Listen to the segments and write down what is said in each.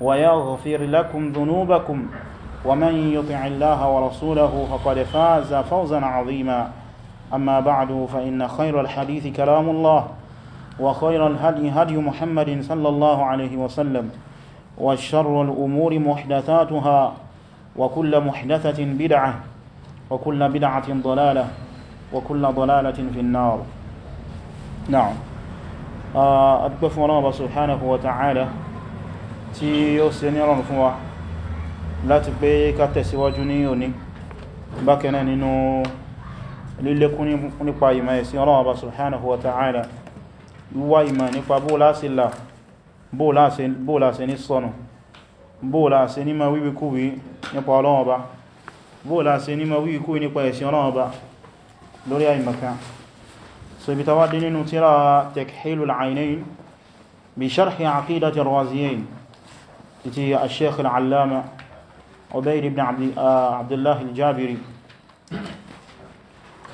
ويغفر لكم ذنوبكم ومن يطع الله ورسوله فقد فاز فوزا عظيما أما بعد فإن خير الحديث كلام الله وخير الهدي هدي محمد صلى الله عليه وسلم والشر الأمور محدثاتها وكل محدثة بدعة وكل بدعة ضلالة وكل ضلالة في النار نعم آه، أدفنا الله سبحانه وتعالى tí ó ṣe ní ọ̀rọ̀ fún wa láti pé ká tẹ̀síwájú ní òní bákan náà nínú lílékún nípa ìmọ̀ ẹ̀sìn Ọlọ́run Ọba subhanahu wa ta'ala wíwá ìmọ̀ nípa bóòlásílà bóòlásí ní sọnù bóòlásí ní ma wíwíkúwí nípa Ọlọ́run Ọba bóòlásí ní ma wíwíkúwí nípa ẹ̀sìn Ọlọ́run Ọba lórí àìmọ̀kan títí al-sheikh al-allama Ubayd ibn uh, abdullahi al-jabiri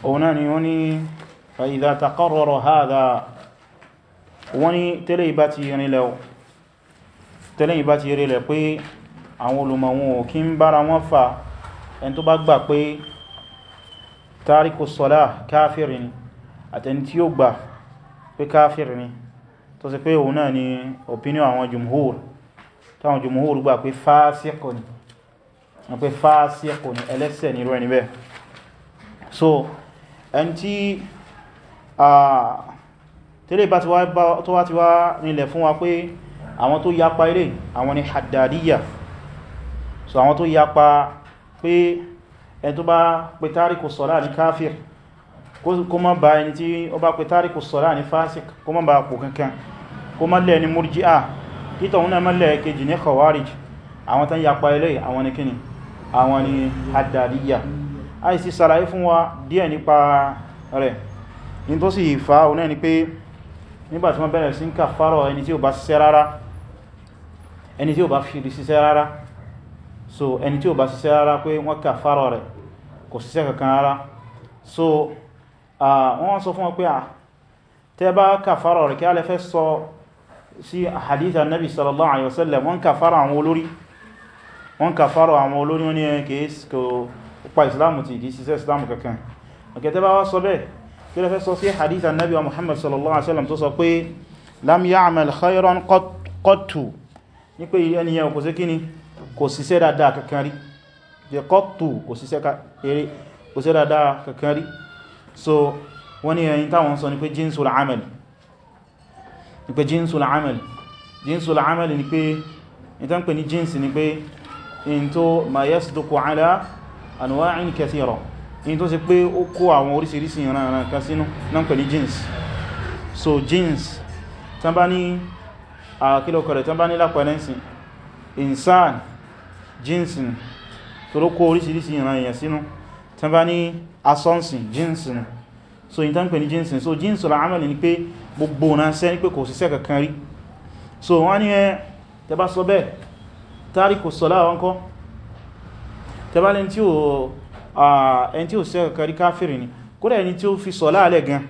ọ̀nà ni wọ́n ni fa idha taqarrara hadha wọ́n ni tẹ́lẹ̀ ìbá ti rílẹ̀ pé àwọn olùmọ̀wọ̀n ò kí ń bára wọn fà ẹni tó bá gbà pé tariku sọ́lá káfíìrì ni àtẹni tí ó gbà pé káfíìrì ni tó sì pé òun náà ni opinion àwọn jùmhúrù táwọn jùmúhúrù gbà pé fásíkò ni wọ́n pé fásíkò ni ẹlẹ́sẹ̀ ní irú ẹni so ẹn tí tẹ́lẹ̀ bá tó wá ti wá nílẹ̀ fún wa pé àwọn tó yapa ilé àwọn ni haddadiyya so àwọn tó yapa pé ẹn tó bá pè tárikù sọ́lá ní káfíìr kó má bá ẹni tí ó bá pè tárikù sọ́lá ní fásík kó má bá pò kankan kó má lẹ́ ni ìtọ̀hún náà mẹ́lẹ̀ kejì ní khawarij àwọn tán yapa ilé àwọn ni kíni àwọn ni haddadiyya a sì sàlàyé fún wa díẹ̀ nípa rẹ̀ in tó sì fa oná ni pé nígbàtí wọ́n bẹ̀rẹ̀ sí ń kà fárọ̀ ẹni tí ó bá ṣiṣẹ́ rárá ẹni tí ó bá fi ṣiṣẹ́ rárá so ẹni tí ó bá ṣiṣẹ́ rárá pé wọ́n kà fárọ̀ rẹ̀ kò ṣiṣẹ́ kankan rárá so wọ́n sọ fún wọn pé à tẹ́ bá kà fárọ̀ rẹ̀ kí a lè fẹ́ sọ sí hadith annabi sallallahu alaihi wasallam wọ́n kàfàrà àwọn olórí wọ́n kàfàrà àwọn olórí wọ́n ní kèés kò pa islamu ti di síṣẹ́ islamu kankan ọ̀kẹ́tẹ́ bá wá sọ bẹ́ẹ̀ kí lọ fẹ́ sọ sí hadith annabi wa muhammad sallallahu alaihi wasallam tó sọ pé lam ya'mal khayran qattu ní pé ẹniyàn kò sí kíni kò síṣẹ́ dáadáa so wọ́n ni ẹ̀yìn táwọn sọ ni ni pé jinsul amal jinsul amal ni pé in ta ń pè ní jins ni pé in tó ma yasduku ala anwa'in kathira in tó ṣe pé ó kó àwọn oríṣiríṣi ìran kan sínú na ń pè jins so jins tán bá ní àkílọ̀kọ̀ rẹ̀ tán bá ní lápẹ̀lẹ́sìn insan jinsin tó ló kó oríṣiríṣi ìran èèyàn sínú tán bá ní asọ́nsìn jinsin so in tan pè ní jinsin so jinsul amali ni pé gbogbo na se ni pé kò sise kankan rí so wọ́n ní e tẹ́ bá sọ bẹ́ẹ̀ tariku sola wọ́n ko tẹ́ bá len tí ó ah en tí ó ṣe kankan rí kafiri ni kódà ẹni tí ó fi sola ale gan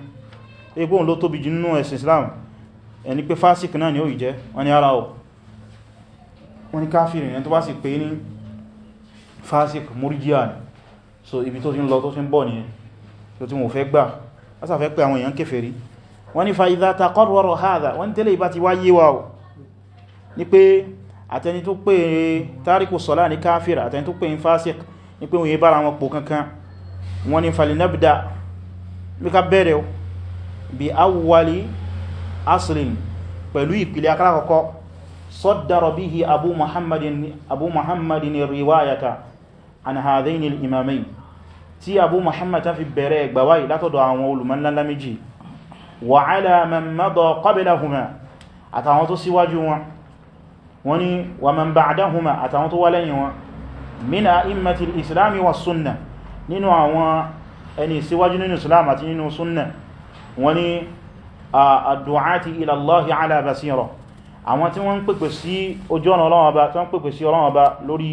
egbo on ló tóbi jù nínú ẹ̀sìn Islam ẹni pé fásik náà ni ó ìjẹ́ wọ́n ní ara o wọ́n ní káfíìrì ẹni tó bá sì pé ní fásik múríjíà ni so ibi tó ti ń lọ tó ti ń bọ̀ nìyẹn tí ti wọ́n fẹ́ gbà asàfẹ́ pé àwọn èèyàn kèfèrí wọ́n ní fa idha taqarrara hadha wọ́n tẹ́lẹ̀ ìbá ti wáyé wa o ní pé àtẹni tó pè tariku sọ́lá ní káfíra àtẹni tó pè ń fásik ní pé òye bára wọn pò kankan wọ́n ní falinabda mika bẹ̀rẹ̀ bí awwali aslin pẹ̀lú ìpìlẹ̀ akọ́kọ́ saddara bihi abu abu muhammadin riwayata an hadhaini al-imamayn tí abu muhammad ta fi bẹ̀rẹ̀ gbàwáyì látọ̀dọ̀ àwọn olùmọ̀lá méjì wa ala man madha qablahuma àtàwọn tó síwájú wọn wọ́n ni wa man ba'dahuma àtàwọn tó wá lẹ́yìn wọn min a'immatil islami wa sunna nínú àwọn ẹni síwájú nínú islam àti nínú sunna wọ́n ni ad-du'ati ila allahi ala basira àwọn tí wọ́n pèpè sí ojú ọ̀nà ọlọ́wọ́ tí wọ́n pèpè sí ọlọ́wọ́ lórí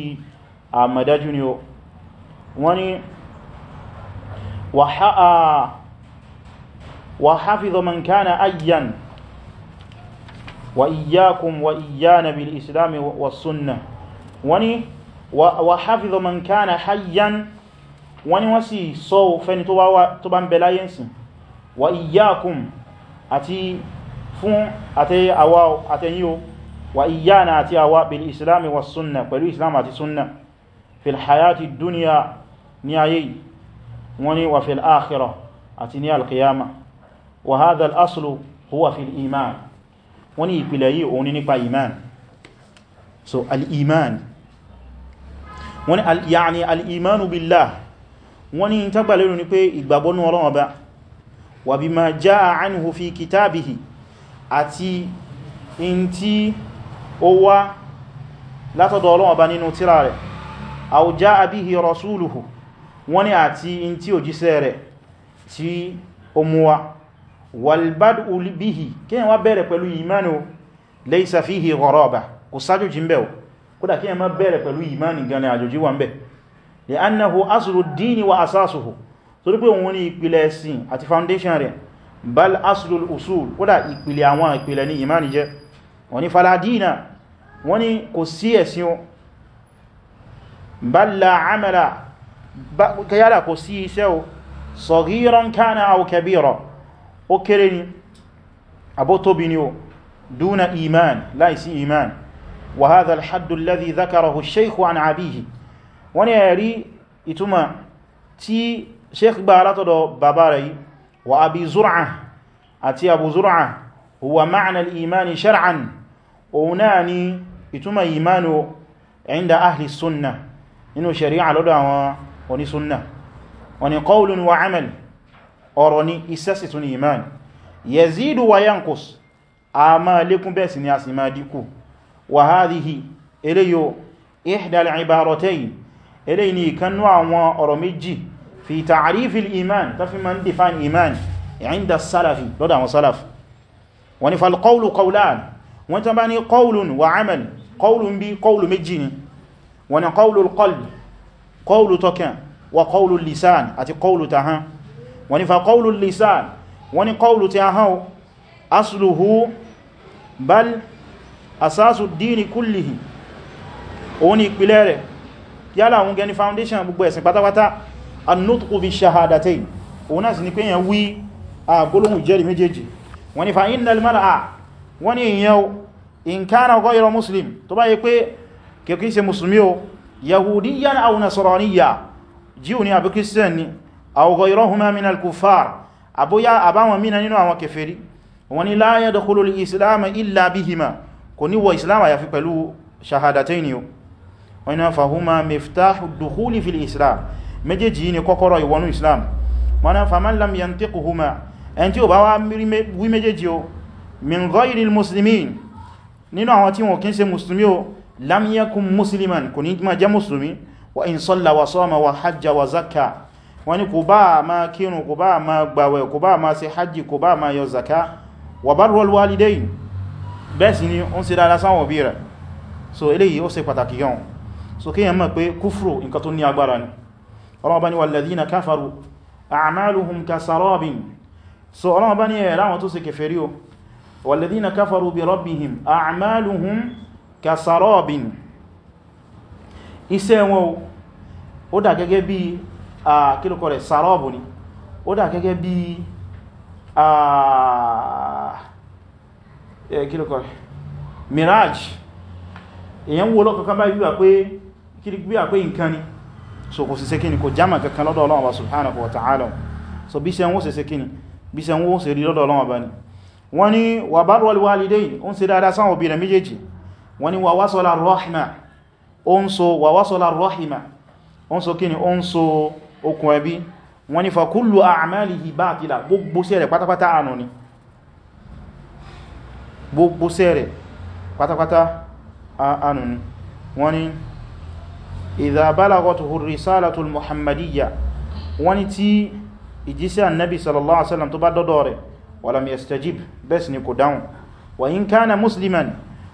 àmàdájú ni wọ́n ni وحفظ من كان أيا وإياكم وإيانا بالإسلام والسنة وني وحفظ من كان حيا وني وسي صو فني طبعا بلاينس وإياكم أتي fún àti àwa àtẹ̀yíò wa iyana àti àwa bil islami wa sunna pẹ̀lú islam àti sunna fil hayati duniya ní ayé yìí wọ́n ní wà fi al-akhira àti ní al-qiyama wà hadha al-aslu huwa fi al-iman wọ́n ní ìpìlẹ̀ yìí òun ní nípa iman so al-iman wọ́n ní al-ya'ni al-imanu billah wọ́n ní ìtagbà lérò pé ìgbàgbọ́nú Ọlọ́run Ọba wà bima jaa anhu fi kitabihi àti in tí ó wá látọ̀dọ̀ Ọlọ́run nínú tírà rẹ̀ aw jaa bihi rasuluhu wọ́n ní àti in tí òjíṣẹ́ rẹ̀ tí ó mú wá walbadu bihi kíyàn wá bẹ̀rẹ̀ pẹ̀lú ìmáni o laysa fihi gharaba kò sájòjì ń bẹ̀ o kódà kíyàn má bẹ̀rẹ̀ pẹ̀lú ìmáni gan ni àjòjì wà ń bẹ̀ li annahu aslu dini wa asasuhu torí pé òun ní ìpìlẹ̀ ẹ̀sìn àti foundation rẹ̀ bal aslu usul kódà ìpìlẹ̀ àwọn ìpìlẹ̀ ní ìmáni jẹ́ wọ́n ní faladina wọ́n ní kò sí ẹ̀sìn yálà kò sí iṣẹ́ o sogiran kana aw kabira ó kéré ni bi ni o dúnà iman lai si iman wa hadha al-hadd alladhi dhakarahu ash-shaykh an abihi wọ́n ni ẹ̀rí ìtumọ̀ tí sheikh gbà do babarai wa abi zur'a àti abu zur'a huwa ma'na al iman shar'an òun náà ni imanu inda ahli sunnah inu shari'a lọ́dọ̀ àwọn oní súnnà wọ́n ni qawlun wa amal ọ̀rọ̀ ni iṣẹ́ sì tún ni iman yazidu wa yankus a máa lékún bẹ́ẹ̀ sì ni a sì máa dínkù wa hadhihi eléyò ihdal ibaratayn eléyìí ni ìkanú àwọn ọ̀rọ̀ méjì fi ta'rifil iman ta fi ma ń define iman inda salafi lọ́dọ̀ àwọn salaf wọ́n fal qawlu qawlan wọ́n tán qawlun wa amal qawlun bí qawlu méjì ni qawlu al-qalb qawlu tọ́kàn wa qawlu lisan àti qawlu tahan wọ́n ni fa qawlu lisan wọ́n ni qawlu tahan asluhu bal asasu dini kullihi òun ni ìpìlẹ̀ rẹ̀ yálà òun gẹni foundation gbogbo ẹ̀sìn pátápátá annutqu bi shahadatayn náà sì ni pé èyàn wí àgbólóhùn jẹ́rì méjèèjì wọ́n ni fa innal mar'a wọ́n ni ìyẹn in kana ghayra muslim tó bá yẹ pé kìí ṣe musulmi o yahudiyan aw nasraniya jíò ní àbí christian ni aw ghayrahuma min al-kuffar àbúyá àbáwọn mìíràn nínú àwọn kèfèrí wọ́n ní la yadkhulu al-islam illa bihima kò ní wọ islam àyàfi pẹ̀lú shahadatayn yíò wọ́n ní fahuma miftahu dukhuli fil islam méjèèjì ní kọ́kọ́rọ̀ ìwọnú islam wọ́n faman lam yantiquhuma ẹni tí ó bá wá wí méjèèjì o min ghayri muslimin nínú àwọn tí wọ́n kìí ṣe musulmi o lam yakun musliman kò ní ma jẹ́ musulmi wa in salla wa sama wa hajja wa zakka wani kò bá ma kírun kò bá ma gbàwẹ̀ kò bá ma ṣe hajji kò bá ma yọ zakka wa barwal walidain bẹ́ẹ̀ sì ni ó ń ṣe dára sáwọn òbí rẹ̀ so eléyìí ó ṣe pàtàkì gan so kíyàn mọ̀ pé kúfùrù nǹkan tó ní agbára ni ọlọ́wọ́ bá ní walladhina kafaru a'maluhum kasarabin so ọlọ́wọ́ bá ní ẹ̀ráwọn tó ṣe kèfèrí o walladhina kafaru bi rabbihim a'maluhum kasarobin ise won o da gege bi a kiloko re sarobu ni o da gege bi a eh kiloko mirage eyan wo lo kankan ba yi wa pe kiriku bi a pe nkan ni so ko sise kini ko jama kankan lodo olorun ba subhanahu wa ta'ala so bi se won sise kini bi se won se ri lodo olorun ba ni wani wa barwal walidain on se obi na mejeje wọ́n ni wàwásọ́lá rọ́hìmá o ń so wàwásọ́lá rọ́hìmá o ń so kí ni o ń so okùn ẹbí wọ́n ni fàkúlù àmàlìhì báàkìlà gbogbo sẹ́rẹ̀ pátápátá ànù ni gbogbo sẹ́rẹ̀ pátápátá ànù ni wọ́n ni ìdàbálàgọ́tù risalatul muhammadiyya wọ́n ni tí ìjísẹ́ annabi sallallahu alaihi wasallam tó bá dọ́dọ̀ rẹ̀ walam yastajib bẹ́ẹ̀ sì ni kò dáhùn wa in musliman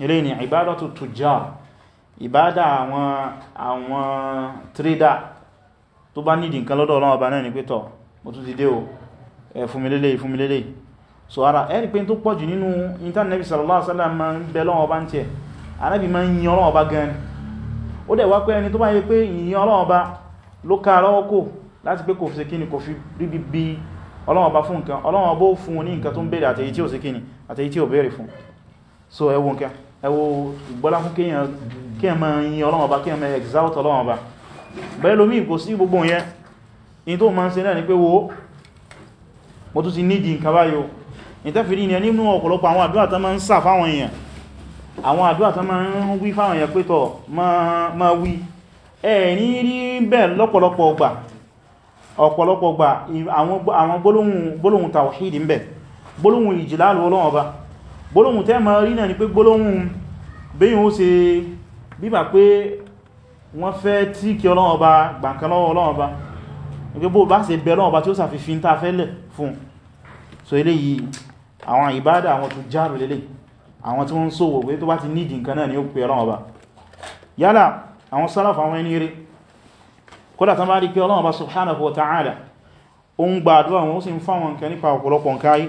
ilé ni ìbádàtu tujjar ìbádà àwọn àwọn trader tó bá nídìí nǹkan lọ́dọ̀ Ọlọ́run Ọba náà ni pẹ́tọ̀ mo tún ti dé o fúnmilélé fúnmilélé so ara ẹ́rì pé tó pọ̀jù nínú intanẹ́bì sallallahu alaihi wasallam ma ń bẹ Ọlọ́run Ọba ń tẹ́ anábì ma ń yin Ọlọ́run Ọba gan ó dẹ̀ wá pé ẹni tó bá yẹ pé ìyìn Ọlọ́run Ọba ló ká lọ́wọ́ kò láti pé kò fi sekíni kò fi ríbi fún nǹkan Ọlọ́run Ọba fún ní nǹkan tó ń bèèrè àtẹ̀yí tí ò sekíni àtẹ̀yí tí ò bèèrè fún so ẹwọ nǹkan ẹwọ ìgbọ́lá fún kíyàn máa yin Ọlọ́run Ọba kíyàn máa exalt Ọlọ́run Ọba bẹ́ẹ̀ lómi kò sí gbogbo yẹn in tó ma ń se náà ni pé wo mo tún ti nídi nǹkan báyò ìtẹ́fìdí ni nínú ọ̀pọ̀lọpọ̀ awọn àdúrà tán máa èèyàn àwọn àdúrà tán máa ń wí fáwọn èèyàn wí gbólóhùn tẹ́ ma rí náà ni pé gbólóhùn bíyàn ó ṣe bíbà pé wọ́n fẹ́ tí kí ọlọ́wọ́ bá gbàǹkan lọ́wọ́ ọlọ́wọ́ bá nígbé bó bá ṣe bẹ lọ́wọ́ bá tí ó sàfihàn tá fẹ́lẹ̀ fún so eléyìí àwọn ìbádà àwọn tó járù lélẹ̀ àwọn tí wọ́n ń sòwò pé tó bá ti nídì nǹkan náà ni ó pè ọlọ́wọ́ bá yálà àwọn sálàf àwọn ẹni rí kódà tán bá rí pé ọlọ́wọ́ bá subhanahu wa ta'ala ó ń gbàdúrà wọn ó sì ń fáwọn nǹkan nípa ọ̀pọ̀lọpọ̀ nǹkan ayé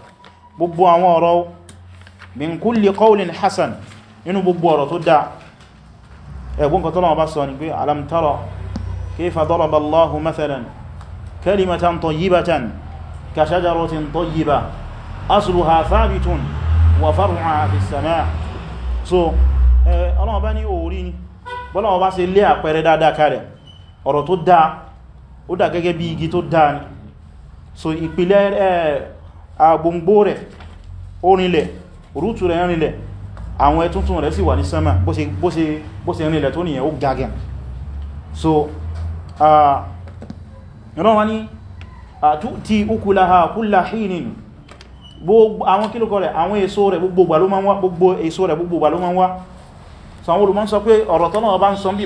gbogbo àwọn ọ̀rọ̀ min kulli qawlin hasan nínú gbogbo ọ̀rọ̀ tó dáa ẹ̀gbọ́n kan tọ́lọ́wọ́ bá sọ ní pé alam tara kayfa daraba Allahu mathalan kalimatan tayyibatan ka shajaratin tayyiba asluha thabitun wa far'uha fis sama' so ọlọ́wọ́ bá ní orí ni bọ́lọ́wọ́ bá ṣe lé àpẹẹrẹ agbóngbó rẹ̀ orinlẹ̀ rútù rẹ̀ rinlẹ̀ àwọn ẹtuntun rẹ̀ sì wà ní sánmà bó ṣe rinlẹ̀ tó nìyẹn ó gagẹ̀ so ìran wá ní àtútí ukulaha kulla hinin àwọn kílùkọ rẹ̀ àwọn èso rẹ̀ gbogbo ló máa ń wá gbogbo èso rẹ̀ gbogbo ló máa ń wá so àwọn olùmọ́ sọ pé ọ̀rọ̀ tọ́nà ọba ń sọ bí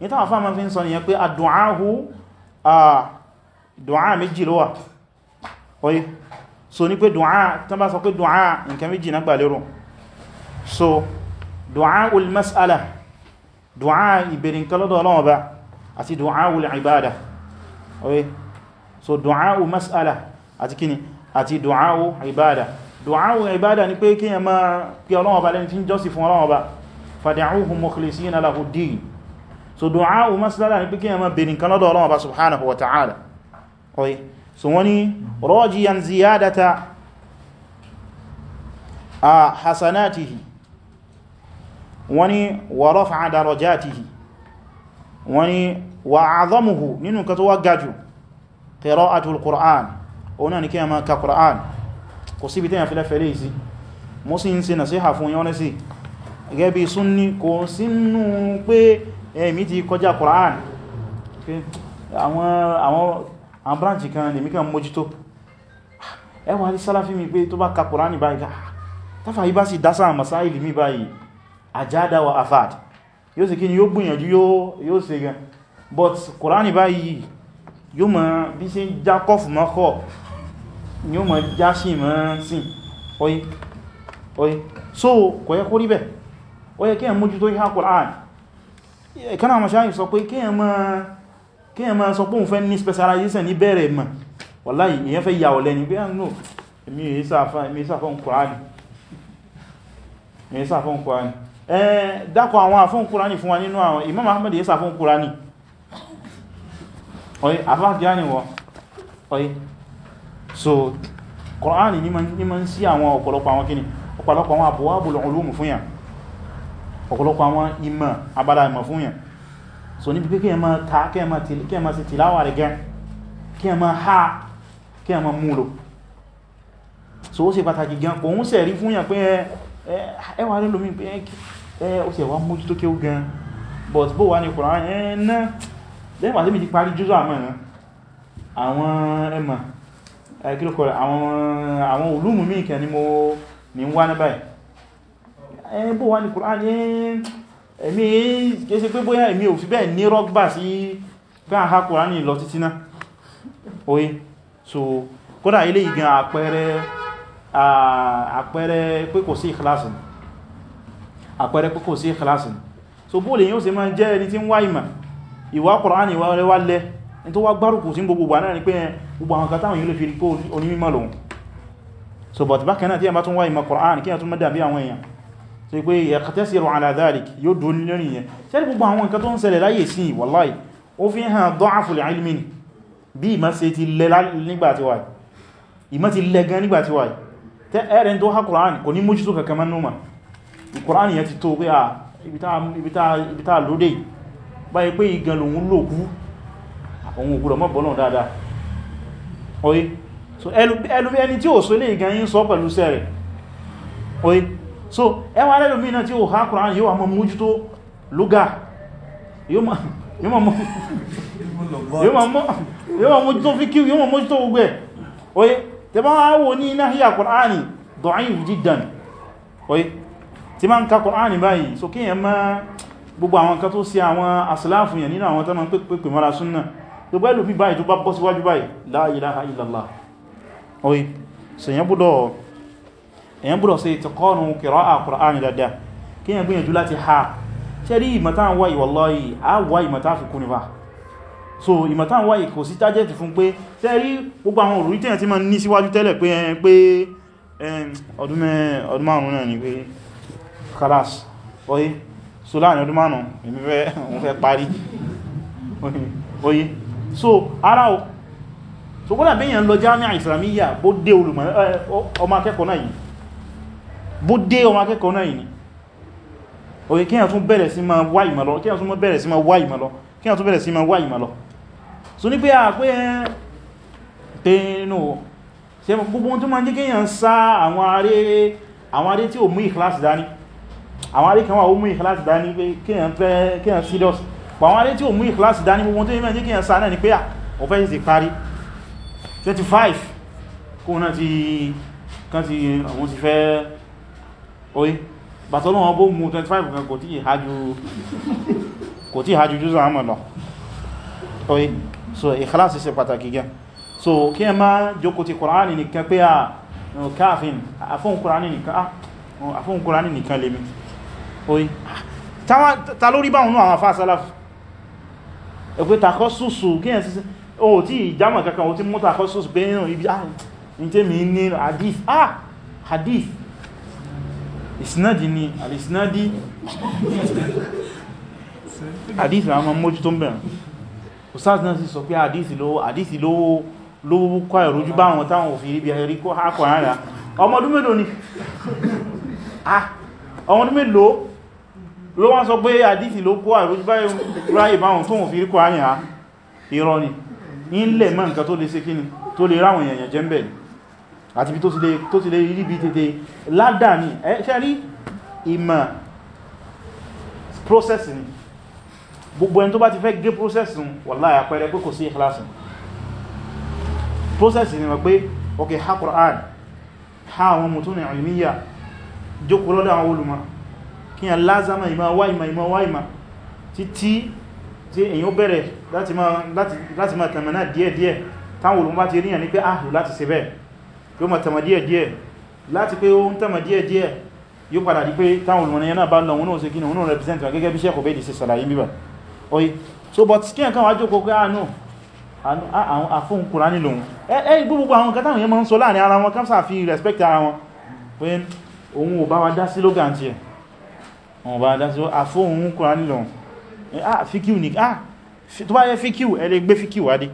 ní tàwọn fáwọn fi ń sọ nìyẹn pé àdùnáhù dùnà méjì ló wà oye so ní pé dùnà tán bá sọ pé dùnà nǹkan méjì náà gbà lérò so dùnà ulmasala dùnà ìbẹ̀rẹ̀ nǹkan lọ́dọ̀ Ọlọ́run Ọba àti dùnà ulibada oye so dùnà ulmasala àti kíni àti dùnà ulibada dùnà ulibada ni pé kíyàn máa pí Ọlọ́run Ọba lẹ́ni tí ń jọ́sì fún Ọlọ́run Ọba fad'uhu mukhlisina lahu ddin so du'a o maslala ni pé kí ẹ máa bèèrè nǹkan lọ́dọ̀ Ọlọ́run Ọba subhanahu wa ta'ala oye so wọ́n ni rajiyan ziyadata a hasanatihi wọ́n ni wa raf'a darajatihi wọ́n ni wa azamuhu nínú nǹkan tó wá gajù qira'atul qur'an ọ̀nà ni kí ka qur'an kò síbi tẹ́yàn fi lẹ́fẹ̀ẹ́ mo sì ń nasiha fún yọ́nẹ́sì gẹ́bí sunni kò sínú pé èmi eh, ti kọjá Qur'an àwọn àwọn branch kan lèmi kan mójútó ẹwà alì sálàfí mi pé tó bá ka Qur'an báyìí ah, tafà ibá sì dásà masá ilimi báyìí àjádá wa afad yóò sì kí ni yóò gbìyànjú yóò ṣe gan but Qur'an báyìí yóò mọ̀ bí sí já kọfù mọ́ kọ́ ni ó mọ̀ já sí mọ́ sí oye oye so kò yẹ kó rí bẹ́ẹ̀ ó yẹ kí ẹ mójútó ìhá Qur'an kan àwọn ṣáyìí sọ pé kíyàn máa sọ pé òun fẹ́ ní specialization ní bẹ̀rẹ̀ mọ̀ wàláhì èyàn fẹ́ yà ọ̀lẹ́ ni pé à ń nò èmi ìsáfọ́n kùránì dákọ̀ àwọn àfọ́n kùránì fún wa nínú àwọn Imam Ahmad ìsáfọ́n kùránì ọ̀yí àfáàkìyàní wọ ọ̀yí so kùránì ní ọ̀pọ̀lọpọ̀ àwọn ìmọ̀ abala ìmọ̀ fún yàn so níbi pé kí ẹ máa ta kí ẹ máa ṣe tìláwà rẹ̀ gan kí ẹ máa ha kí ẹ máa múlò so ó ṣe pàtàkì gan kò ń sẹ̀rí fún yàn pé ẹwà rẹ̀ lómi pé ó sì ẹ̀wà mójú tó kéwú gan but bó wà ní Kùránì ẹ̀ẹ́nà lẹ́gbà tí mi ti parí jùzọ ni mo ní wá ní báyìí ẹbọ́ eh, wà ní Kùránì eh, ẹ̀mí kéèsé pé bóyá ẹ̀mí ò fi bẹ́ẹ̀ ní rọ́gbà sí pé àhá Kùránì lọ títí náà oye so kódà ilé ìgan àpẹẹrẹ àpẹẹrẹ pé kò sí ìkìláàsì àpẹẹrẹ pé kò sí ìkìláàsì so bóòlè yíó ṣe máa jẹ́ ẹni tí ń wá ìmà ìwà Kùránì ìwà rẹ̀ wá lẹ́ ní tó wá gbárùkù sí gbogbo wà náà ni pé gbogbo àwọn kàtàwọn yìí lè fi rí pé onímọ̀ so but bákan náà tí a bá tún wá ìmọ̀ Kùránì kí a so pé yaqtasiru ala dhalik yóò dúró lórí yẹn ṣẹ́rì gbogbo àwọn nǹkan tó ń ṣẹlẹ̀ láyé sí wallahi ó fi hàn da'aful ilmi ni bí ìmọ̀ ṣe ti lẹ nígbàtí wáyé ìmọ̀ ti lẹ gan nígbàtí wáyé tẹ́ ẹ̀rẹ́ tó ha Kùránì kò ní mójútó kankan mọ́ númà Kùránì yẹn ti tó pé à oye so ẹlùbí ẹni tí ò sólé igan yí sọ pẹ̀lú sẹ́rẹ̀ oye so ẹwà alẹ́lò mí náà tí ó ha Kùránì yóò àmọ́ mójútó lóga yóò ma mójútó fíkíù yóò ma mójútó gbogbo ẹ̀ oye tẹ bá wọ́n ní náhíyà Kùránì da'if jiddan oye tí ma ń ka Kùránì báyìí so kí yẹn má gbogbo àwọn nǹkan tó sí àwọn asìláàfù yẹn nínú àwọn tánà pèpè mara súnnà gbogbo ẹlòmí báyìí tó bá bọ́ síwájú báyìí la ilaha illallah oye sèyàn búdọ̀ èyàn gbọ́dọ̀ ṣe ìtẹ̀kọ́nù kìrọ́ àkùránì dáadáa kí èyàn gbìyànjú láti ha ṣe rí ìmọ̀tán wáyì wallahi a wá ìmọ̀tán fi kún nípa so ìmọ̀tán wáyì kò sí tájẹ́tì fún pé ṣe rí gbogbo àwọn òrùn tẹ́yàn tí ma ní síwájú tẹ́lẹ̀ pé pé ọdún márùn-ún náà ni pé kalas oye so láàrin ọdún márùn-ún èmi fẹ́ parí oye so ara bó dé ọmọ akẹ́kọ̀ọ́ náà yìí oye kí ẹ̀yàn tún bẹ̀rẹ̀ sí máa wá ìmọ̀ lọ kí ẹ̀yàn tún bẹ̀rẹ̀ sí máa wá ìmọ̀ lọ kí ẹ̀yàn tún bẹ̀rẹ̀ sí máa wá ìmọ̀ lọ so ní pé a pé ẹ pé inú ṣe gbogbo tó máa ń jẹ́ kí ẹ̀yàn sá àwọn aré àwọn aré tí ó mú ìkíláàsì dání àwọn aré kan wà ó mú ìkíláàsì dání pé kí ẹ̀yàn àwọn aré tí ó mú ìkíláàsì dání gbogbo tó máa ń jẹ́ kí ẹ̀yàn sá náà ni pé ó fẹ́ parí 25 kó náà ti kan ti àwọn ti fẹ́ oye bàtọ́ náà bó mú 25 kan kò tí ìhájú kò tí ìhájú jùzọ àmà lọ oye so ìkìláàsì ṣe pàtàkì gẹn so kí ẹ máa jókòó ti kùránì nìkan pé ah, káàfin àfún kùránì nìkan ah, lèmi oye ta lórí báwọn náà àwọn afásálàf ẹgbẹ́ takọ́ sùsù kí ẹ sí o tí ìjámọ̀ kankan o tí mú takọ́ sùsù bẹ́ẹ̀ nínú ibi ah ní tẹ́mi ní ah hadith ìsinadi ni àìsinadi àdísì àwọn mọ́jú tó ń bẹ̀rẹ̀ òsáàtì náà sì sọ pé àdísì lówó àdísì lówó lówó kọ́ ìrójú bá àwọn táwọn òfin ibi ẹ̀rí kó hákọ̀ ara ọmọdún mélòó ni ọmọdún mélòó ló wọ́n sọ pé àdísì ló kó ìrójú ráyè bá àwọn tóhùn òfin kọ́ àyà irọ́ ni ilẹ̀ mọ́ nǹkan tó lè ṣe kíni tó lè ráwọn èèyàn jẹ́ ń bẹ̀rẹ̀ àti bí tó ti lè rí bí tètè ládà ní ẹ ṣe rí ìmọ̀ process ni gbogbo ẹni tó bá ti fẹ́ gé process ní wallahi àpẹẹrẹ pé kò sí ìkìláàsì process ni wọ́n pé ok ha Qur'an ha àwọn mutum ni ilmiya jókòó lọ́dọ̀ àwọn olùmọ̀ kí yàn lázama ìmọ̀ wá ìmọ̀ ìmọ̀ wá ìmọ̀ títí tí èyàn bẹ̀rẹ̀ láti máa tẹ̀mẹ̀ náà díẹ̀díẹ̀ táwọn olùmọ̀ bá ti ríyàn ní pé ah láti ṣe bẹ́ẹ̀ yóò ma tàmà díẹ̀ díẹ̀ láti pé ó ń tàmà díẹ̀ díẹ̀ yóò padà di pé táwọn olùmọ̀nìyàn náà bá lọ wọn náà ṣe kí ni wọn náà represent wọn gẹ́gẹ́ bí sẹ́kọ̀ọ́ bẹ́ẹ̀ ṣe sàlàyé bíbà oye so but kí ẹ̀kan wájú kó pé ah, àánú ah, àfún kùránì lòun ẹ gbogbo àwọn kan táwọn yẹn máa ń sọ láàrin ara wọn kámsà fi respect ara wọn pé òun ò bá wa dá sí lógan tiẹ̀ òun bá dá sí àfún kùránì lòun ah fíkíù ní ah tó bá yẹ fíkíù ẹ lè gbé fíkíù wádé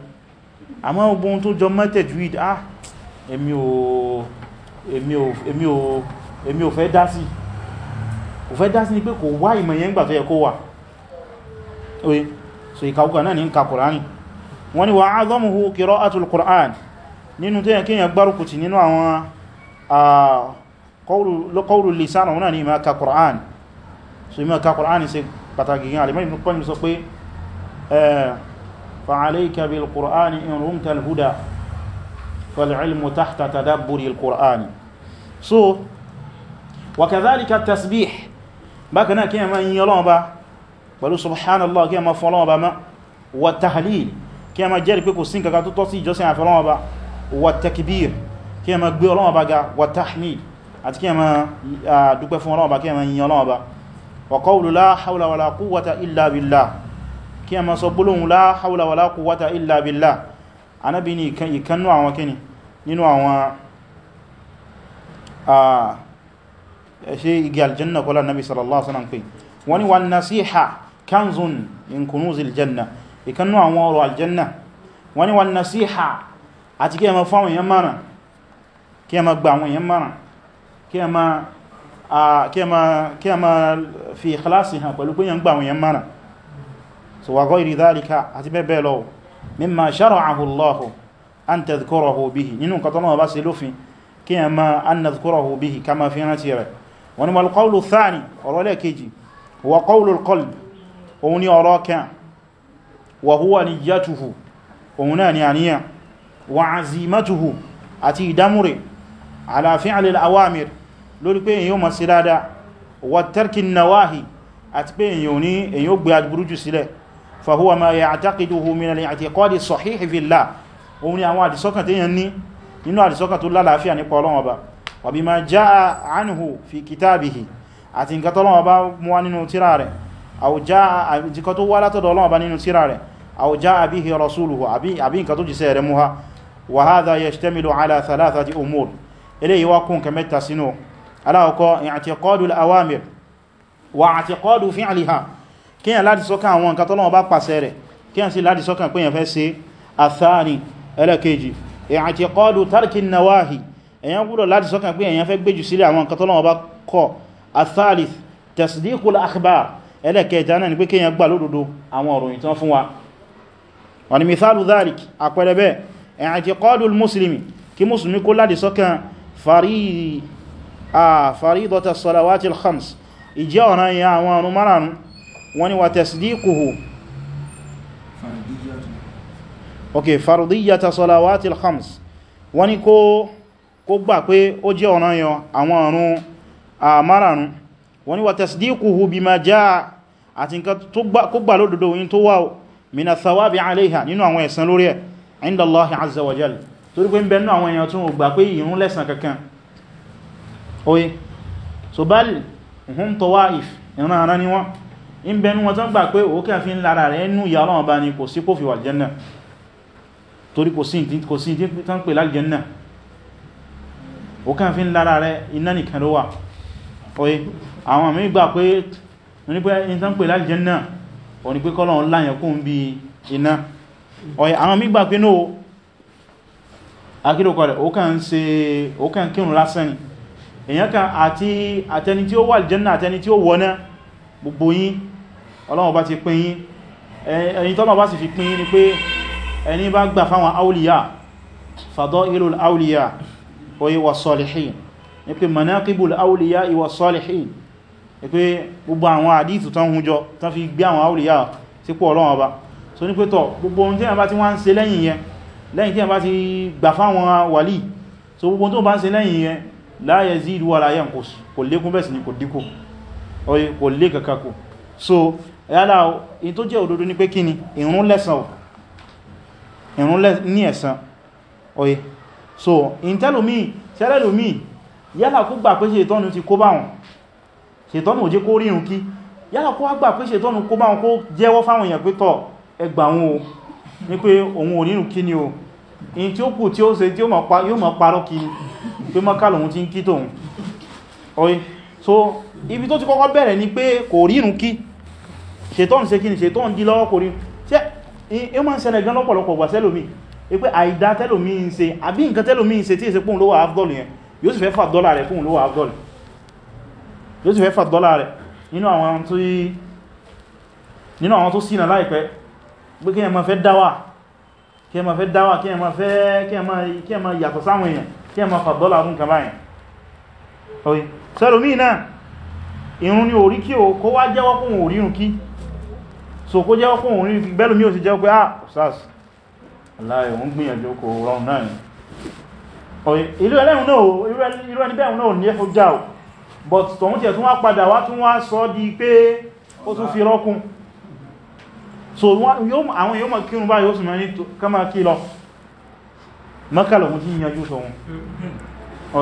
àmọ́ ogun tó jọ mọ́tẹ̀jú id ah èmi ò èmi ò èmi ò èmi ò fẹ́ dá sí ò fẹ́ dá sí ní pé kò wá ìmọ̀ yẹn gbà tó yẹ kó wà oye so ìkàkùkà náà ní ń ka kùránì wọ́n ni wà á zọ́mùhù qira'atul kùránì nínú tó yẹ kí yẹn gbárùkùtì nínú àwọn qawlu lisan wọn ni ìmọ̀ ka kùránì so ìmọ̀ ka kùránì ṣe pàtàkì yẹn alimọ́ ibn Qayyim sọ pé fa bil qur'ani in rumta al-huda فالعلم تحت تدبر القرآن so وكذلك التسبيح بكنا كما يلوبا بل سبحان الله كما فلوبا والتهليل كما جري بكو سينكا كاتو سي جوسين فلوبا والتكبير كيما غبي لوبا غا والتحميد àti kí a máa dúpẹ́ fún ọlọ́ọ̀bá kí a máa yìn ọlọ́ọ̀bá wa qawlu la hawla wala quwwata illa kí a máa sọ gbólóhùn la hawla wala anábi ní ìkannú àwọn kíni nínú àwọn ṣe igi aljanna kọ́lá nabi sallallahu alaihi wasallam pé wani wa nasiha kanzun in kunuzi aljanna ìkannú àwọn ọrọ̀ aljanna wani wa nasiha àti kí ẹ ma fáwọn èèyàn mara kí ẹ ma gba àwọn èèyàn mara kí ẹ ma kí ẹ ma fi ikhlasi hàn pẹ̀lú pé yẹn gba àwọn mara so wa ghairi dhalika àti bẹ́ẹ̀ bẹ́ẹ̀ mimma shara'ahu Allah an tadhkurahu bihi nínú nǹkan tọ́lọ́wọ́ bá ṣe lófin kí a ma an nadhkurahu bihi ká ma fi rántí rẹ̀ wani wal qawlu thani ọ̀rọ̀ lẹ́kejì wa qawlu al-qalb òun ni ọ̀rọ̀ kan wa huwa niyyatuhu òun فهو ما يعتقده من الاعتقاد الصحيح في الله ومن àwọn àdìsọ́kàn tí yẹn ní nínú àdìsọ́kàn tó lálàáfíà nípa Ọlọ́run Ọba وبما جاء عنه في كتابه àti nǹkan t'Ọlọ́run Ọba mú wá nínú أو جاء nǹkan tó wá látọ̀dọ̀ Ọlọ́run Ọba أو جاء به رسوله àbí àbí nǹkan tó وهذا يشتمل على ثلاثة أمور إليه وكون كمتا سنو على اعتقاد الأوامر واعتقاد فعلها kíyàn láti sọ́kàn àwọn nǹkan tọ́lọ́wọ́ bá pàṣẹ rẹ̀ kíyàn sí láti sọ́kàn pé yàn fẹ́ ṣe àtàní ẹlẹ́kejì i'tiqadu tarki nawahi èyàn gbọ́dọ̀ láti sọ́kàn pé èyàn fẹ́ gbéjù sílẹ̀ àwọn nǹkan tọ́lọ́wọ́ bá kọ̀ athalith tasdiqul akhbar ẹlẹ́kẹta náà ni pé kíyàn gbà lódodo àwọn ìròyìn tán fún wa wani mithalu dhalik àpẹẹrẹ bẹ́ẹ̀ i'tiqadul muslimi kí musulmi kó ah, márùn-ún wọ́n ni wà tasdiquhu ok farudiyata salawatil khams wọ́n ni kó kó gbà pé ó jẹ́ ọ̀ranyàn àwọn ọ̀run àmárànún wọ́n ni wà tasdiquhu bima jaa àti nǹkan kó gbà lódodo yìí tó wà mina thawabi alayha nínú àwọn ẹ̀san lórí ẹ̀ e. inda Allahi azza wa jal torí pé ń bẹ̀nú àwọn èèyàn tún gbà pé ìrun lẹ́san kankan oye so bal hum tawaif ìran ara ni wọ́n in bẹnu wọn tán gbà pé ó kẹ́ fi ń lára rẹ̀ nú ìyà Ọlọ́run bá ní kò sí kò fi wà jẹ́nà torí kò sí ìdí tán ń oye àwọn àmì gbà pé ní pé in tán pè lájẹ́nà o ní pé kọ́lọ̀un láyẹn oye àwọn àmì gbà pé nóò akídòkọ̀ rẹ̀ ó kàn kírun lásán èyàn kan àti àtẹni tí ó wà jẹ́nà àtẹni tí ó wọ́ná gbogbo yín Ọlọ́run bá ti pín yín ẹni tọ́lọ́run bá sì fi pín yín ni pé ẹni bá gbà fáwọn auliya fadailul auliya oye wa salihin ni pé manaqibul auliya iwa salihin ni pé gbogbo àwọn àdíìtù tán hujọ tán fi gbé àwọn auliya sípò Ọlọ́run ọba so ní pé tọ́ gbogbo ohun tí a bá ti wá oye kò lè kàkàkù so yálà in tó jẹ́ òdodo ní pé kí ni ìrún lẹ́sàn ìrún ní ẹ̀sàn oye so in tẹ́lòmí tẹ́lẹ̀lòmí yálà kó gbà pé ṣètọ́nù ti kó bá wọn ṣètọ́nù ò jẹ́ kó rírun kí yálà kó wá gbà pé ṣètọ́nù kó bá wọn kó jẹ́wọ́ fáwọn èèyàn pé tọ́ ẹgbà wọn o ní pé kí in tí ó kù tí ó ṣe tí yóò mọ̀ parọ́ kí ni pé mọ́kàlùn ti ń kí tóun oye so ibi tó ti kọ́kọ́ bẹ̀rẹ̀ ni pé kò rírun kí ṣetán ṣe kí ni ṣetán dí lọ́wọ́ kò rírun ṣe in ma ń ṣẹlẹ̀ gan lọ́pọ̀lọpọ̀ wà sẹ́lòmí pé àìdá tẹ́lòmí ń ṣe àbí nǹkan tẹ́lòmí ń ṣe tí ìṣe pún lówà afdọ́lù yẹn yóò sì fẹ́ fà dọ́là rẹ̀ pún lówà afdọ́lù yóò sì fẹ́ fà dọ́là rẹ̀ nínú àwọn tó sínà láìpẹ́ pé kí ẹ ma fẹ́ dáwà kí ẹ ma fẹ́ dáwà kí ẹ ma fẹ́ kí ẹ ma yàtọ̀ sáwọn èèyàn kí ẹ ma fà dọ́là fún kàbáyìn sẹ́lòmí náà irun ní orí kí o kó wá jẹ́wọ́ fún òun orírun kí so kó jẹ́wọ́ fún òun orírun bẹ́lú mí ò sí jẹ́wọ́ pé ah sars aláì òun gbìyànjú kò rọrùn náà ni ìlú ẹlẹ́rùn náà irú ẹni bẹ́ẹ̀rùn náà ní ẹfọ́ já o but tọ̀hún tẹ̀ tún wá padà wá tún wá sọ di pé ó tún fi rọ́kún so àwọn yóò mọ̀ kírun báyìí ó sì mẹ́rin ká máa kí lọ mọ́kàlọ̀ mú tí yanjú sọ wọn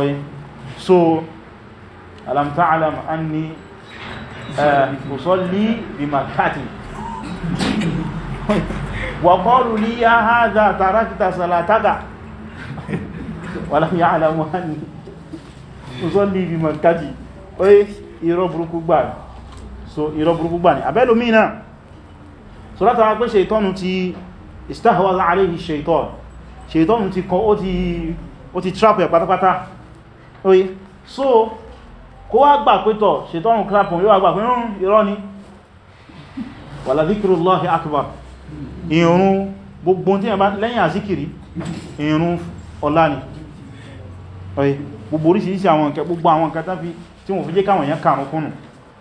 ọ̀yẹ́ so alam anni Eh, usalli bimakati wa qalu li ya hadha tarakta salataka wa lam ya'lamu anni usalli bimakati oye irọ́ burúkú gbà so irọ́ burúkú gbà ni abẹ́lómi náà so látara pé ṣeitọ́nù ti istahwaza alayhi ṣeitọ́n ṣeitọ́nù ti kọ ó ti trap ẹ̀ pátápátá oye so kó wá gbà pé tọ̀ ṣètọ́rùn clapon yóò wá gbà pé rún hmm, irọ́ ni wàlá dhikrullahi akbar ìrún gbogbo tí ẹ̀bá lẹ́yìn àsíkìrí ìrún ọlá ni ọ̀yẹ́ gbogbo oríṣìíṣìí àwọn ǹkẹ́ gbogbo àwọn ǹkẹ́ tán fi tí wọ́n fi jẹ́ káwọn èèyàn kàrún kúnnù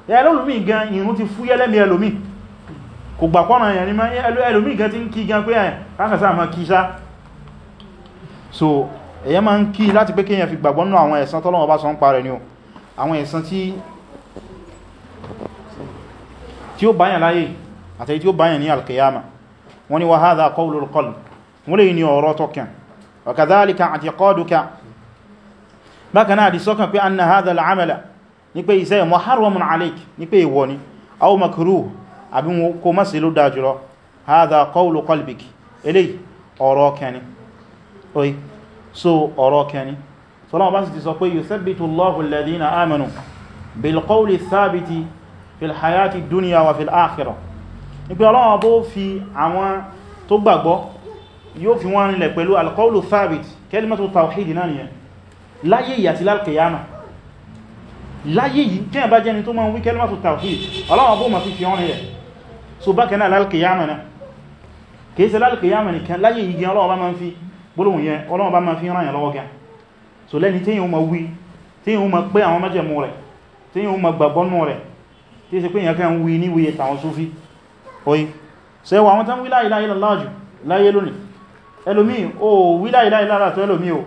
ẹlòmí gan ìrún ti fúyẹ́ lẹ́mí ẹlòmí kò gbà so èyàn máa ń kí láti pé kéèyàn fi gbàgbọ́ nínú àwọn ẹ̀san àwọn ẹ̀san tí tí ó báyàn láyé àtàyí tí ó báyàn ní alkiyama wọ́n ni wa hadha qawlul qalb wọ́n lè ní ọ̀rọ̀ tọ́kàn wa kadhalika i'tiqaduka bákan náà àdìsọ́kàn pé anna hadha al'amala ní pé iṣẹ́ muharramun sọ́lọ́wọ́ bá sì ti sọ pé yuthabbitu Allahu alladhina amanu bil qawli thabiti fil hayati dunya wa fil akhirah ní pé Ọlọ́run bó fi àwọn tó gbàgbọ́ yóò fi wọ́n rinlẹ̀ pẹ̀lú al qawlu thabit kalimatu tawhid náà nìyẹn láyé yìí àti lálkìyàmà láyé yìí kí ẹ bá jẹni tó máa ń wí kalimatu tawhid Ọlọ́run bó ma fi fi ọrin rẹ̀ so bákan so lẹ́ni tí yíò ma wí tí yíò ma pé àwọn májẹ̀mú rẹ̀ tí yíò ma gbàgbọ́nù rẹ̀ tí ṣe pé èyàn kan wí ní wíye tàwọn súfí oyi ṣe wà àwọn tán wí la o wí la ilaha illallah tó ẹlòmí o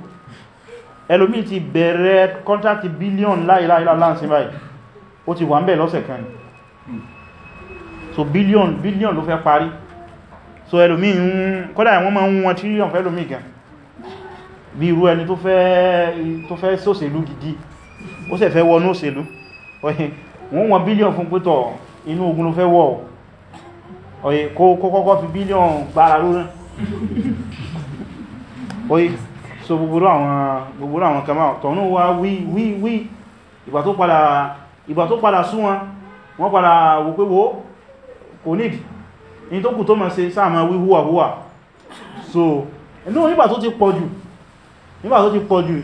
ẹlòmí ti bẹ̀rẹ̀ kọ́ntàkì bílíọ̀n la ilaha illallah sí báyìí ó ti wà ń bẹ̀ lọ́sẹ̀ kan so bílíọ̀n bílíọ̀n ló fẹ́ parí so ẹlòmí ń kọ́dà àwọn ma ń wọn tírílíọ̀n fẹ́ lòmí bí irú ẹni tó fẹ́ sóṣèlú gidi ó ṣe fẹ́ wọnú òṣèlú wọ́n wọ́n bílíọ̀n fún pẹ́tọ̀ inú ogun ló fẹ́ wọ́ ọ̀yẹ kó kọ́kọ́ fi bílíọ̀n gbára lórí oye so gbogbo àwọn kama tọ̀nú wa wí wí wí ìgbà tó padà sún wọn wọ́n padà wò pé wo kò nídìí ní tó kù tó mọ̀ sí sáàmà wíhúwà húwà so ẹ̀nú nígbà tó ti pọ̀ jù nígbà tó ti pọ̀ jù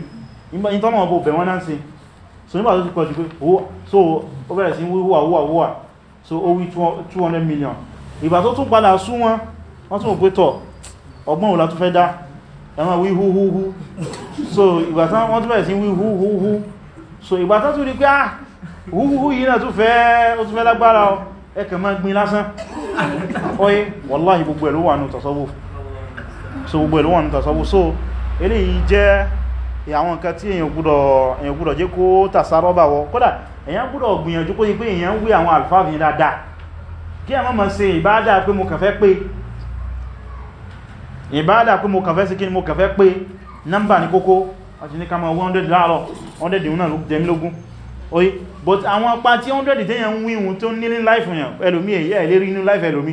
ìtọ́nà ọbọ̀ bẹ̀ wọ́n náà sí so nígbà tó ti pọ̀ jù pé so ó bẹ̀rẹ̀ sí wíwà wíwà wíwà so ó wí 200 million ìgbà tó tún padà sú wọn wọ́n tún pé tọ̀ ọgbọ́n òlà tó fẹ́ dá ẹ̀wọ̀n wí hú hú hú so eléyìí jẹ́ àwọn nǹkan tí èyàn gbúdọ̀ jẹ́ kó tàṣàrọ́bà wọ kódà èyàn gbúdọ̀ gbìyànjú kó yí pé èyàn wí àwọn alfáàfì ní dáadáa kí a máa ṣe ìbádà pé mo kàfẹ́ pé ìbádà pé mo kàfẹ́ sí kí ni mo kàfẹ́ pé nọ́mbà ní kókó àti ní kama 100 láàrọ̀ 100 ìhun náà demi jẹmílógún oye but àwọn apá tí 100 tẹ́yàn ń wíhun tó ní ní life yàn ẹlòmí ẹ̀yà ìlérí inú life ẹlòmí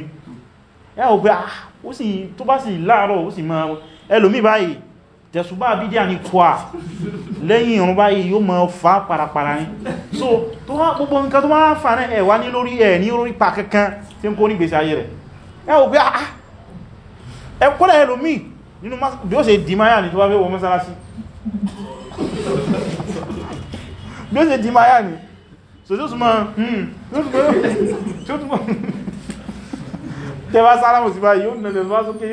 ẹ̀ ò pé ah ó sì tó bá sì láàrọ̀ ó sì máa ẹlòmí báyìí tẹ̀sùbá bídíà ní kwà lẹ́yìn ìrun báyìí yóò mọ̀ fà parapara yìí so tó wá gbogbo nǹkan tó wá fà náà ẹ̀wà ní lórí ẹ̀ ní lórí pa kankan tí ń kó ní gbèsè ayé rẹ̀ ẹ ò gbé àá ẹ kọ́lẹ̀ ẹ lómí nínú bí ó ṣe dìmáyà ní tó bá fẹ́ wọ mọ́sálásí bí ó ṣe dìmáyà ní so tó súnmọ́ tẹ́wà sára mọ̀ sí báyìí yóò nílẹ̀ lọ́wọ́ sókè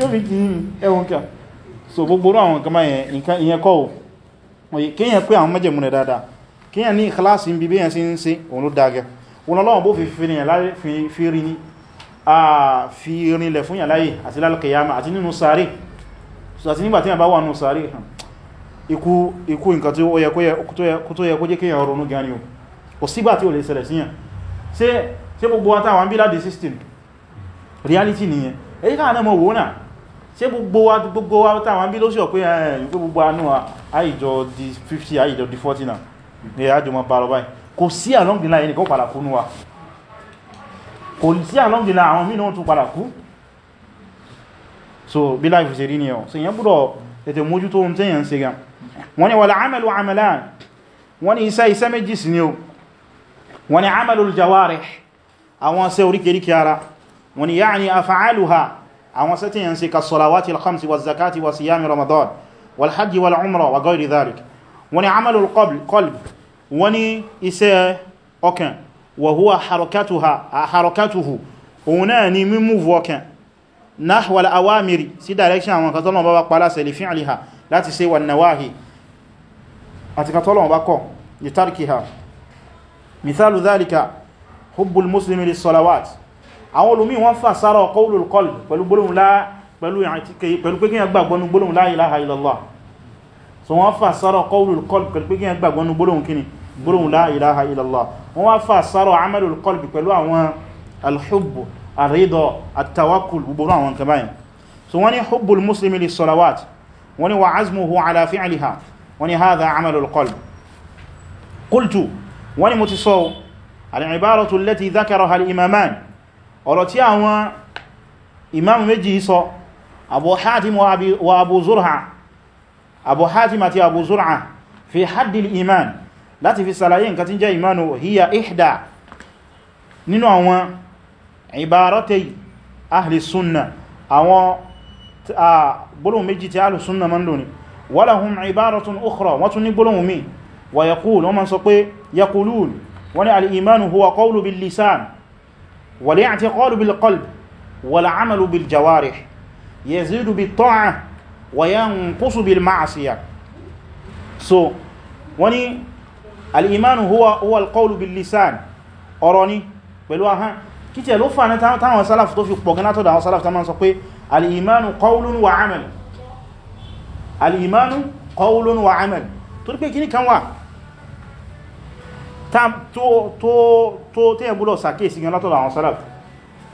yóò fi kìí ẹ̀wọ̀n kìí so gbogbo àwọn nǹkan máa ìyẹn kọ́ ò kíyàn pé àwọn mẹ́jẹ̀mú rẹ̀ dáadáa kíyàn ní ìkìláàsì ń bí bíyàn sí ń ṣe òun ló dágẹ́ òun ọlọ́wọ̀n bó fi fìrìyàn láyé fi rinlẹ̀ fún yàn láyé àti lálùkẹyàmà àti nínú sáré àti nígbàtí yàn bá wà nínú sáré ikú nǹkan tí ó yẹ kó yẹ kó jẹ́ kíyàn ronú gan reality nìyẹn èyí káà náà mọ̀ ṣe gbogbo wa gbogbo wa tàwọn bí ló ṣọ̀ pé ẹ̀yìn pé gbogbo anú àìjọ di 50 àìjọ di 40 náà ni àjọ ma bára báyìí kò sí along the line ẹnìkan padà kú ní wa kò sí along àwọn mínú tún padà kú so bí láìfù ṣe rí ni ọ̀ so èyàn gbọ́dọ̀ tètè mójú tó ń tẹ́yàn ṣe gan wọ́n ni wàlá amalu amalan wọ́n ni iṣẹ́ iṣẹ́ méjì sí ni wọ́n ni àwọn sẹ́tí yẹn sí ka salawati al-khamsi wa zakati wa siyami ramadan wal hajji wal umra wa gairi dhalik wani amalul qalb wani iṣẹ́ ọkàn wa huwa harakatuhu òun náà ni mímúvù ọkàn nahwal awamiri sí direction àwọn katọ́lọ̀ bá pa láṣẹ li fi'liha láti ṣe wan nawahi àti katọ́lọ̀ bá kọ̀ li tarkiha mithalu dhalika hubbul muslimi lis salawat àwọn olùmí wọ́n fà sára qawlul qalb pẹ̀lú gbólóhùn láà pẹ̀lú pé kíyàn gbàgbọ́nú gbólóhùn la ilaha illallah so wọ́n fà sára qawlul qalb pẹ̀lú pé kíyàn gbàgbọ́nú gbólóhùn kíni gbólóhùn la ilaha illallah wọ́n wá fà sára amalul qalb pẹ̀lú àwọn alhubbu àrídọ̀ àtàwákùl gbogbo àwọn kàbáyìn so wọ́n ni hubbul muslimi li salawat wọ́n ni wa azmuhu ala fi'liha wọ́n ni hadha ọ̀rọ̀ tí àwọn imam méjì sọ abu hatim wa abu zur'a abu hatim àti abu zur'a fi haddil iman láti fi sàlàyé nǹkan tí jẹ́ imanu hiya ihda nínú àwọn ibaratai ahli sunna àwọn gbólóhùn méjì tí ahli sunna man lónìí walahum ibaratun ukhra wọ́n tún ní gbólóhùn mi wa yaqul wọ́n man sọ pé yaqulun wani al-imanu huwa qawlu bil lisan والاعتقاد بالقلب والعمل بالجوارح يزيد بالطاعة وينقص بالمعصية so wani al'imanu huwa huwa alqawlu bil lisan ọ̀rọ̀ ni pẹ̀lú ahán kí tí ẹ ló fà ní táwọn sálàfù tó fi pọ̀ gánà tó dáwọn sálàfù tó máa sọ pé al'imanu qawlun wa amal al'imanu qawlun wa amal torí pé kíní kan wà tó tẹ́yẹ̀ gbọ́dọ̀ sàkíyèsí gan látọ̀dọ̀ àwọn salaf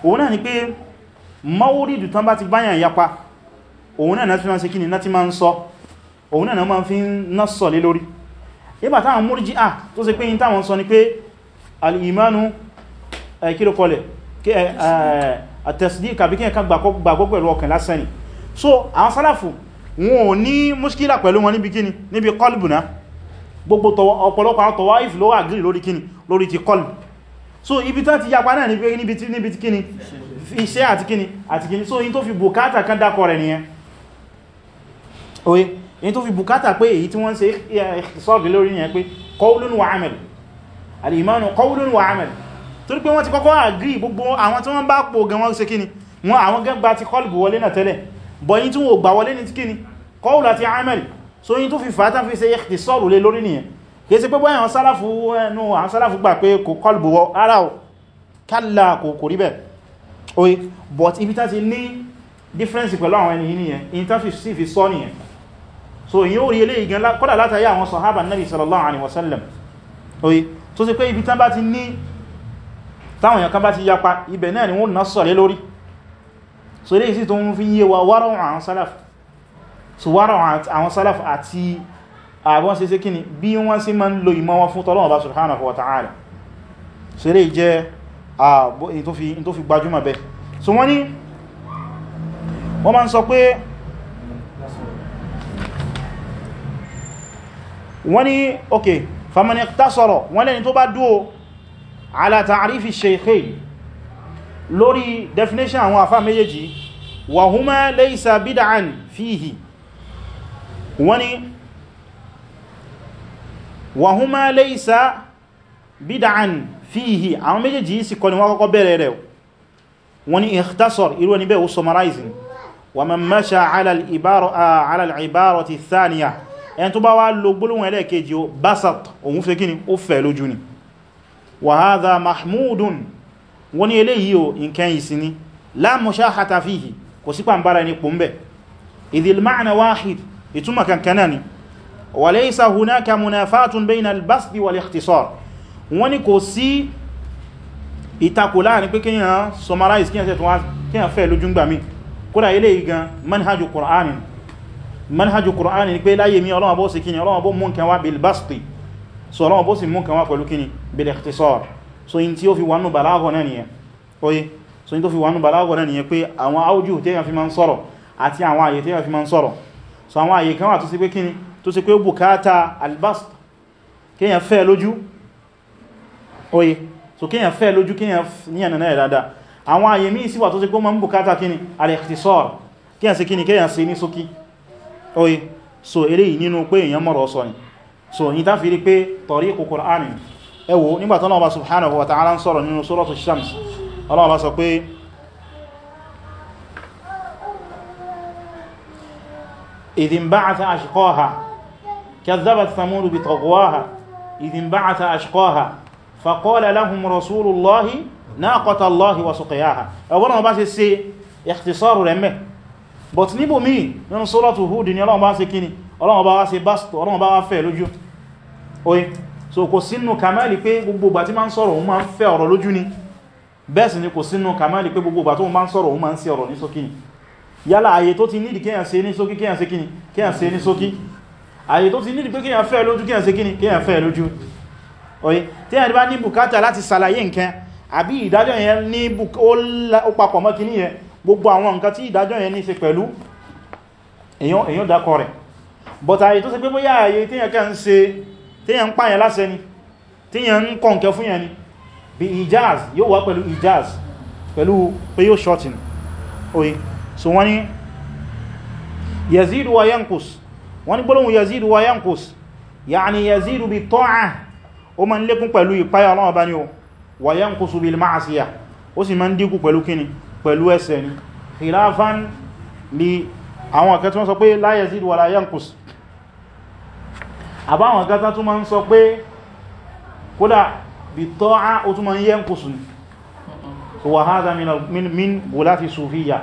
òun náà ni pé mawuridu tán bá ti báyàn yapa òun náà fi máa ṣe kí ni láti máa ń sọ òun náà máa fi ń sọ lé lórí ibà táwọn Murji'ah tó ṣe pé yí táwọn sọ ni pé al-imanu kílò kọlẹ̀ at-tasdiq àbí kíyàn kan gbàgbọ́ pẹ̀lú ni so àwọn sálàfù gbogbo ọ̀pọ̀lọpọ̀ àtọwà if ló agree lórí kíni lórí ti kọlù so ibi tó ti yapa náà níbi tí níbi tí kíni iṣẹ́ àti kíni àti kíni so in tó fi bùkátà kan dákọ rẹ̀ nìyẹn oye in tó fi bùkátà pé èyí tí wọ́n ṣe ìsọ́gbẹ̀ lórí nìyẹn pé qawlun wa amal al-imanu qawlun wa amal torí pé wọ́n ti kọ́kọ́ agree gbogbo àwọn tí wọ́n bá pò gan wọ́n ṣe kíni wọ́n àwọn gẹ́gbà ti kọlù wọlé náà tẹ́lẹ̀ bọ̀yí tí wọ́n gbà wọlé ní kíni qawlu so yin tó fi fàátà fi ṣe ikhtisaru lé lórí nìyẹn kìí sí pé bọ́yàn àwọn sálàfù ẹnu àwọn sálàfù gbà pé kò kọlbù wọ ara ò kálà kò kò rí bẹ̀ but ibi tá ti ní difference pẹ̀lú àwọn ẹni nìyẹn in tá fi sí fi sọ nìyẹn so yin ó rí ilé igan kọ́dà látàrí àwọn sahaba nabi sallallahu alaihi wasallam oye tó sì pé ibi tán bá ti ní táwọn èèyàn kan bá ti yapa ibẹ̀ náà ni wọ́n ná sọ̀rẹ́ lórí so ilé ìsì tó ń fi yé wa wárọ̀ àwọn so wárọ̀ àwọn salaf àti àwọn ṣeṣe kíni bí wọ́n sí ma ń lo ìmọ̀ wọn fún t'Ọlọ́run Ọba subhanahu wa ta'ala so lè jẹ́ in tó fi gbajúmọ̀ bẹ́ so wọ́n ni wọ́n ma ń sọ pé wọ́n ni ok faman iqtasara wọ́n lẹ́ni tó bá dúó ala ta'rifi lórí definition àwọn àfá méjèèjì wa huma laysa bid'an fihi wọ́n ni wàhúnmá laysa bídàn fíhì àwọn méjèèjì yìí sì kọ́ ni wọ́n kọ́kọ́ bẹ̀rẹ̀ rẹ̀ wọ́n ni ikhtasar irú ẹni bẹ́ẹ̀ ó summarizing wa man masha ala al-ibarati thaniya ẹni tó bá wá lo gbólóhùn ẹlẹ́ẹ̀kejì ó basat òun fẹ́ kíni ó fẹ́ lójú ni ma'na wahid ìtumọ̀ kankan náà ni walaysa hunaka munafatun bayna al-basdi wal-ikhtisar wọ́n ní kò sí ìtakò láàrin pé kíyàn summarize kíyàn tẹ́tùn kíyàn fẹ́ lójú gbà mí kódà ilé igan manhajú Qur'ani manhajú Qur'ani ni pé láyé mi Ọlọ́run bó sì kíyàn Ọlọ́run bó mún kan wá bil-basti so Ọlọ́run bó sì mún kan wá pẹ̀lú kíni bil-ikhtisar so in tí ó fi wánú so àwọn àyè kan wà tó sí pé kíni tó sí pé ó bùkátà albast kíyàn fẹ́ lójú oye so kíyàn fẹ́ lójú kíyàn ní ẹ̀nà ìdada àwọn àyè míì sí wà tó sí pé ó ma ń bùkátà kíni al-ikhtisar kíyàn sí kíni kíyàn sí ní oye so eléyìí nínú pé èyàn mọ̀rọ̀ sọ ni so yí tá fi rí pé tariqu Qur'ani ẹ wò nígbàtọ́nà ọba subhanahu wa ta'ala ń sọ̀rọ̀ nínú suratu shams Allah sọ pé إذ انبعث أشقاها كذبت ثمود بطغواها إذ انبعث أشقاها فقال لهم رسول الله ناقة الله وسقياها أولا ما بس سي اختصار رمه but níbò míì nínú sọ́lọ́tù Hud ni Ọlọ́run bá ṣe kíni Ọlọ́run bá wá ṣe báṣtọ̀ Ọlọ́run bá wá fẹ́ lójú oye so kò sínú kàmáàlì pé gbogbo ìgbà tí ma ń sọ̀rọ̀ òun ma ń fẹ́ ọ̀rọ̀ lójú ni bẹ́ẹ̀ sì ni kò sínú kàmáàlì pé gbogbo ìgbà tó ma ń sọ̀rọ̀ òun ma ń sí ọ̀rọ̀ ní sókíni yálà àyè tó ti nídì kíyàn ṣe ní sókí kíyàn ṣe kíni kíyàn ṣe ní sókí àyè tó ti nídì pé kíyàn fẹ́ lójú kíyàn ṣe kíni kíyàn fẹ́ lójú oye tí yàn bá ní bùkátà láti ṣàlàyé nǹkan àbí ìdájọ́ yẹn ní ó papọ̀ mọ́ kíní yẹn gbogbo àwọn nǹkan tí ìdájọ́ yẹn ní ṣe pẹ̀lú èyàn dákọ rẹ̀ but àyè tó ṣe pé bóyá àyè tíyàn kẹ́ ń ṣe tíyàn ń pààyàn láṣẹ ni tíyàn ń kọ̀ǹkẹ́ fún yẹn ni bí ìjáàz yóò wá pẹ̀lú ìjáàz pẹ̀lú pé yóò ṣọ́tìn oye so wani yazidu wa yankus wani gbọ́lọ́wọ́ yazidu wa yankus ya'ni yazidu bi ta'a o ma n lékún pẹ̀lú ìpáyà Ọlọ́run bá ní o wa yankusu bil ma'asiya ó sì ma ń dínkù pẹ̀lú kíni pẹ̀lú ẹsẹ̀ ni khilafan li àwọn akẹ́ tí wọ́n la yazidu wa la yankus àbáwọn akẹ́ tí wọ́n sọ pé kódà bi ta'a ó tún ma ń yankusu ni wa hadha min min gulati sufiyya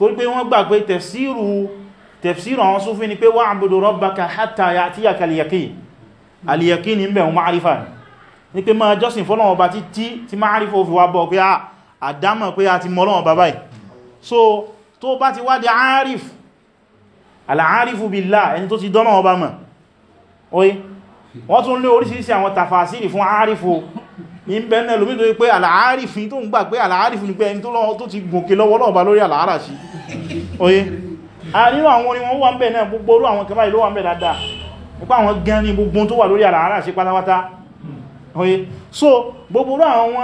torí pé wọ́n gbà pé tẹ̀fsíru tẹ̀fsíru àwọn súnfí ni pé wa'budu rabbaka hatta ya'tiyaka al-yaqin al-yaqin ní bẹ̀rún ma'arifa ni ní pé máa jọ́sìn fọ́lọ́wọ́ bá ti tí tí ma'arifa ó fi wá bọ́ pé ah, àdámọ̀ pé a ti mọ́lọ́wọ́ bàbá ì so tó bá ti wá di arif al-arifu billah ẹni tó ti dọ́nà ọba mọ̀ oye wọ́n tún lé oríṣiríṣi àwọn tàfàsírì fún arifu ní bẹ́ẹ̀ lómi tó pé al-arifin tó ń gbà pé al-arif ẹni tó ti gòkè lọ́wọ́lọ́ọ̀bá lórí al-arashi oye a nínú àwọn orin wọn wà ń bẹ̀ náà gbogbo orú àwọn kẹfà ìlú wà ń bẹ̀ dáadáa nípa àwọn gan ní gbogbo tó wà lórí àlàárà sí pátápátá oye so gbogbo orú àwọn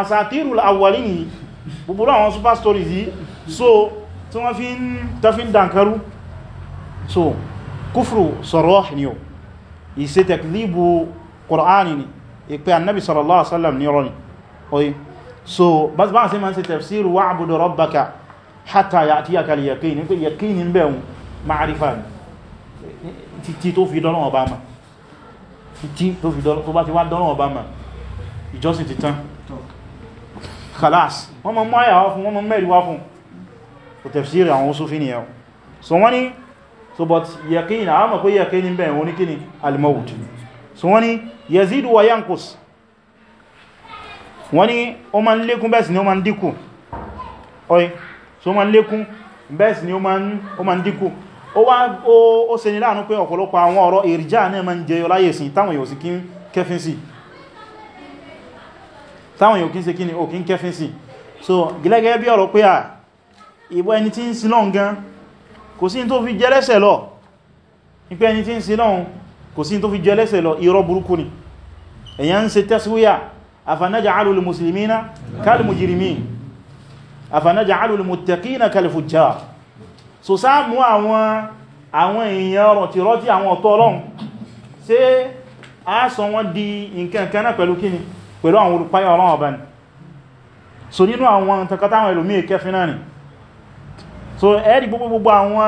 asatirul awwalin yìí gbogbo orú àwọn super so tí wọ́n fi so kúfùrù sarah ni o ìṣe takdhibu Qur'ani ni ìpé annabi sallallahu alaihi wasallam ni so bá sí ma ń ṣe tafsiru hátà àti àkàlì yẹ̀kí ní pé yẹ̀kí ní bẹ̀rún ma'arifa ní títí tó fi dọ́nà ọba ma títí tó fi dọ́nà ọba ma ìjọsìn ti tán khalas wọ́n mọ́ mọ́ àyàwó fún wọ́n mọ́ mẹ́rin wá fún kò tafsiri àwọn Sufi ni yẹn so wọ́n ni so but yẹ̀kí ní àwọn mọ̀ pé yẹ̀kí ní al-mawt so wọ́n ni wa yankus wọ́n ni ó ma ń lékún bẹ́ẹ̀ sì ni so ma ń lékún bẹ́ẹ̀ sì ni o ma ń dínkù ó wá ó ṣe ní láàánú pé ọ̀pọ̀lọpọ̀ àwọn ọ̀rọ̀ ìrìjá náà ma ń jẹyọ láyé sí táwọn yóò sí kí ń kẹfin sí so gẹ́gẹ́ bí ọ̀rọ̀ pé à ìwọ ẹni tí ń sin lọ́n gan kò sí tó fi jẹ́ lẹ́sẹ̀ lọ ipé ẹni tí ń sin lọ́n kò sí tó fi jẹ́ lọ irọ́ burúkú ni èyàn ń ṣe tẹ́síwíyà afanaja'alul muslimina kal mujrimin afanaj'alul muttaqina kal fujjar so sáàmù àwọn àwọn èèyàn rọ̀tí rọ́tí àwọn ọ̀tọ̀ ọlọ́run ṣe a sọ wọ́n di nǹkan kan náà pẹ̀lú kíni pẹ̀lú àwọn olùpáyà ọlọ́run ọba ni so nínú àwọn takata àwọn ẹlòmí ìkẹfin náà ni so ẹ̀rí gbogbo àwọn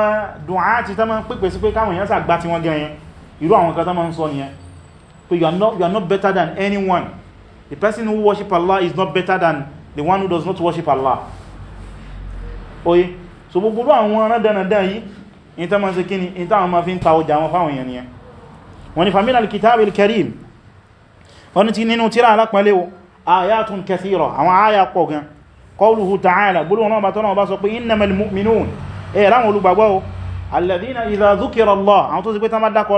dùnà ti tán máa ń pèpè sí you are not you are not better than anyone the person who worship Allah is not better than the one who does not worship Allah oye so gbogbo àwọn rádánadá yìí in ta ma ṣe kí ni in ta ma fi ń ta ọjà wọn fáwọn ènìyàn wọ́n ni famil al-kitab al-karim wọ́n ni ti nínú tíra alápàálẹ̀ ayatun kathira àwọn aya pọ̀ gan qawluhu ta'ala gbogbo wọn bá tọ́nà ọba sọ pé innamal mu'minun ẹ̀ ráwọn olùgbàgbọ́ alladhina idha dhukira Allah àwọn tó sì pé tán bá dákọ̀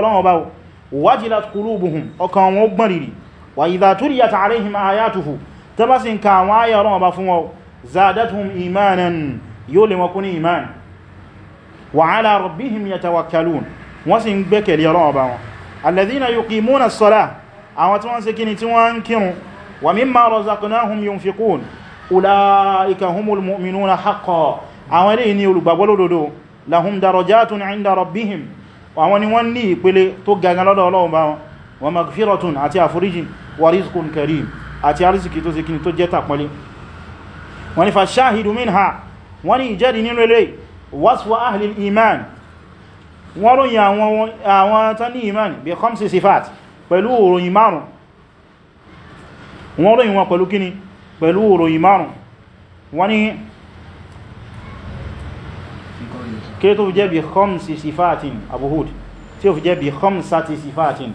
lọ́wọ́ zadatuhum imanan yóò lè wọn kún ní iman wa ala rabbihim yatawakkalun wọ́n sì ń gbẹ́kẹ̀lé Ọlọ́run Ọba wọn alladhina yuqimuna as-salah àwọn tí wọ́n ṣe kíni tí wọ́n ń kírun wa mimma razaqnahum yunfiqun ulaika wọ́n ni fa shahidu minha wọ́n ní ìjẹ́dì nínú ilé waswa ahli iman wọ́n ròyìn àwọn tán ní iman bí khamsi sifat pẹ̀lú òròyìn márùn wọ́n ròyìn wọn pẹ̀lú kíni pẹ̀lú òròyìn márùn wọ́n ní kí tó fi jẹ́ bí khamsi sifatin Abu Hud tí ó fi jẹ́ bí khamsati sifatin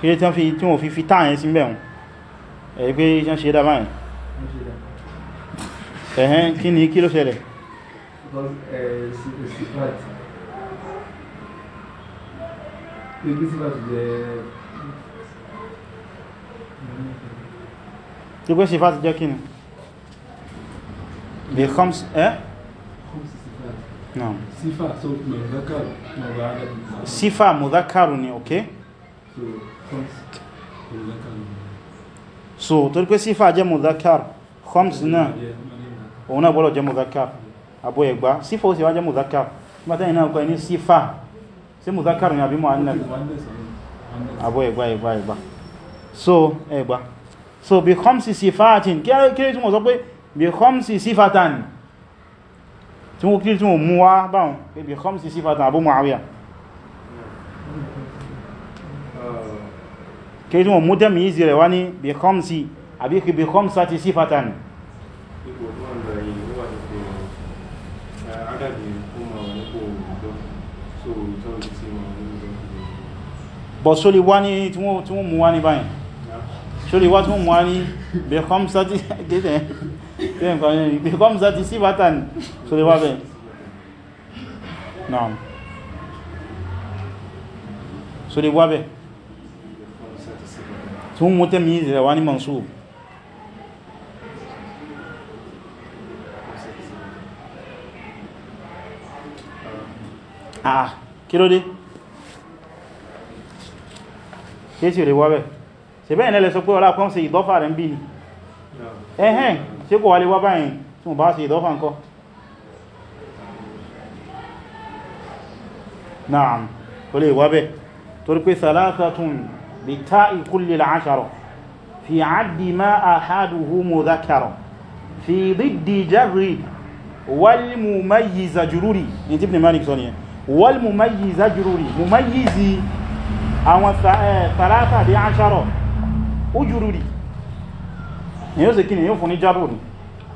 kí tí wọ́n fi fi táyẹ̀ sí mẹ́rin ẹgbẹ́ ìjọ́n ṣe dáa báyìí ẹ̀hẹ́n kí ni kí ló ṣẹlẹ̀ gbogbo sífàtì jẹ́ kí ni the comes eh no sífà so mudhakaru ni okay so comes so torí pé sífà jẹ́ mudhakar khams náà òun náà bọ́lọ̀ jẹ́ mudhakar àbò ẹ̀gbá sífà ó sì wá jẹ́ mudhakar nígbàtá ìná ọkọ̀ ẹni sífà sí mudhakar ní àbí mu'annath àbò ẹ̀gbá so ẹ̀gbá so bí khamsi sífàtín kí kí tí mo sọ pé khamsi sífàtán tí mo kí tí mo mú wá báwọn bí khamsi sífàtán àbú kí wọ́n mú tẹ́mì ìzì rẹ̀ wá ní bíkọ́msí àbí kí bíkọ́msá ti sífàtàn bọ̀ sólì wá ní tí wọ́n mú wá ní báyìí sólì wá tí wọ́n mú wá ní bíkọ́msá ti sífàtàn sólì wá bẹ́ẹ̀ náà sólì wá bẹ́ẹ̀ tó mú tẹ́mí ìzẹ̀ wá ní mansub àà kí ló dé kí sí rẹ̀ wábẹ̀ ṣe bẹ́ẹ̀ nílẹ̀ sọ pé ọlá kan ṣe ìdọ́fà rẹ̀ ń bí ni ẹ̀hẹ́n ṣe kò wà lè wá báyìí tí mo bá ṣe ìdọ́fà ńkọ́ náà kò lè wábẹ̀ torí pé sàlásàtún بتاء كل العشرة في عد ما أحده مذكر في ضد جر والمميز جروري انت ابن مالك صنيع والمميز جروري مميز أو ثلاثة عشرة أجروري ni yóò se kí ni yóò fún ní járò ní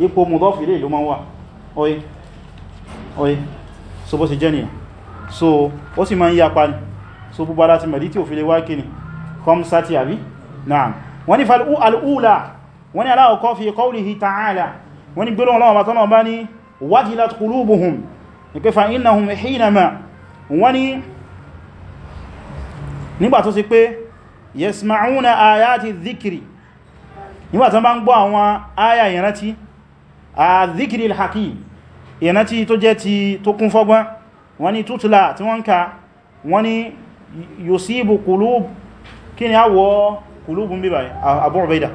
ipò mudọ́fì ilé ìlú ma wà oye oye so bó se jẹ́ so ó sì ma ń yapa ni so búbára ti mẹ̀dí tí ò fi lè wá kí khamsati àbí na'am wọ́n ni fal'ula wọ́n ni aláwọ̀kọ́ fi qawlihi ta'ala wọ́n ni gbọ́lọ́wọ́ lọ́wọ́ tọ́nà bá ní wajilat qulubuhum ni pé fa'innahum hinama wọ́n ni nígbà tó sì pé yasma'una ayati dhikri nígbà tó bá ń gbọ́ àwọn aya ìrántí a dhikri al-hakim yusibu qulub kí ni a wọ kùlúbùn bíbà Abu Ubaida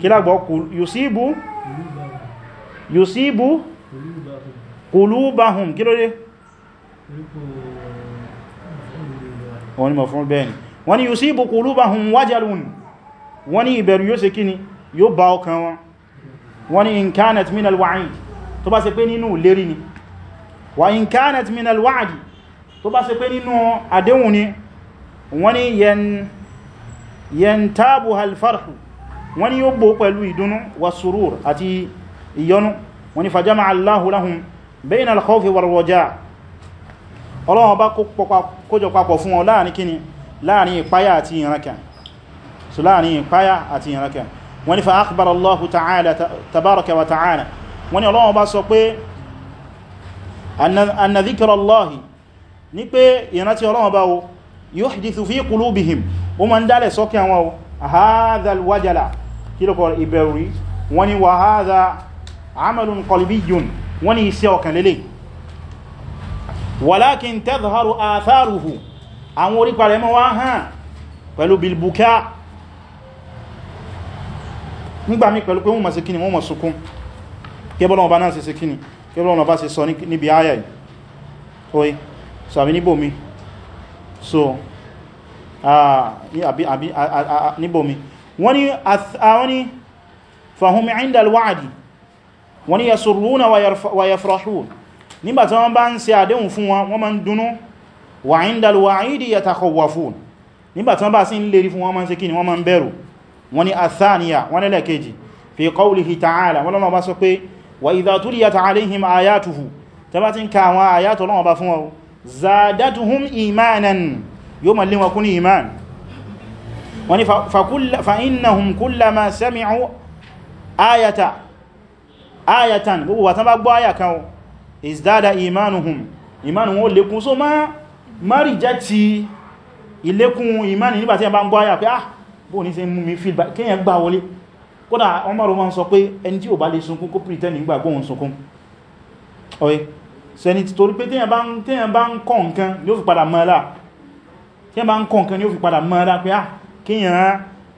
kí lágbọ́ yusibu yusibu kùlúbàhùn kí ló dé wọ́n ni mọ̀ fún bẹ́ẹ̀ni wọ́n ni yusibu kùlúbàhùn wajalun wọ́n ni ìbẹ̀rù yóò ṣe kíni yóò bá ọkàn wọn wọ́n ni in kanat min tó bá ṣe pé nínú lérí ni wa in kanat min tó bá ṣe pé nínú àdéhùn ni wọ́n ni yẹn yẹntaabu alfarhu wọ́n ni yóò gbò pẹ̀lú ìdúnú wa surur àti ìyọnú wọ́n ni fàjámà Allahu lahum bayna al-khawfi war-raja Ọlọ́run bá kójọ papọ̀ fún wọn láàrin kíni láàrin ìpáyà àti ìrankà so láàrin ìpáyà àti ìrankà wọ́n ni fa akhbara Allahu ta'ala tabaraka wa ta'ala wọ́n ni Ọlọ́run bá sọ pé anna Allahi ní pé ìrántí Ọlọ́run bá wo yuhdithu fi ó ma ń dálẹ̀ sọ́kí àwọn o hadha alwajala kí lọ́kọ̀ ìbẹ̀rù rí wọ́n ni wa hadha amalun qalbiyyun wọ́n ni iṣẹ́ ọkàn lélẹ̀ walakin tadhharu atharuhu àwọn orípa rẹ̀ mọ́ wá hàn pẹ̀lú bilbuka nígbàmí pẹ̀lú pé wọ́n ma ṣe so Ah, níbomi wọ́n ni àwọn fahumi inda alwa'adi wọ́n ni yasurruna wa yafrahun nígbàtí wọ́n bá ń ṣe àdéhùn fún wọn wọ́n ma ń dúnú wa inda alwa'idi yatakhawwafun nígbàtí wọ́n bá sí ń lérí fún wọn ma ń ṣe kíni wọ́n ma ń bẹ̀rù wọ́n ni athaniya wọ́n ni lẹ́kejì fi qawlihi ta'ala yóò ma lé wọn kún ní iman wọ́n ni fa'innahum kullama sami'u ayata ayatan gbogbo watan bá gbọ́ aya kan izdada imanuhum imanuhum ó lékún so ma ma rijati ilékún imani nígbàtí ẹ bá gbọ́ aya ah bóò ní ṣe mú mi feel bad gbà wọlé kódà Umaru ma sọ pé ẹni tí ò bá lè sunkún kó pretend nígbà gbóhun sunkún ọ̀rẹ́ sẹni torí pé téyàn bá ń kọ́ nǹkan yóò fi padà mọ́ ẹlá tí ma ń kọ́ nǹkan ni ó fi padà mọ́ ẹ́dá pé á ah, kíyàn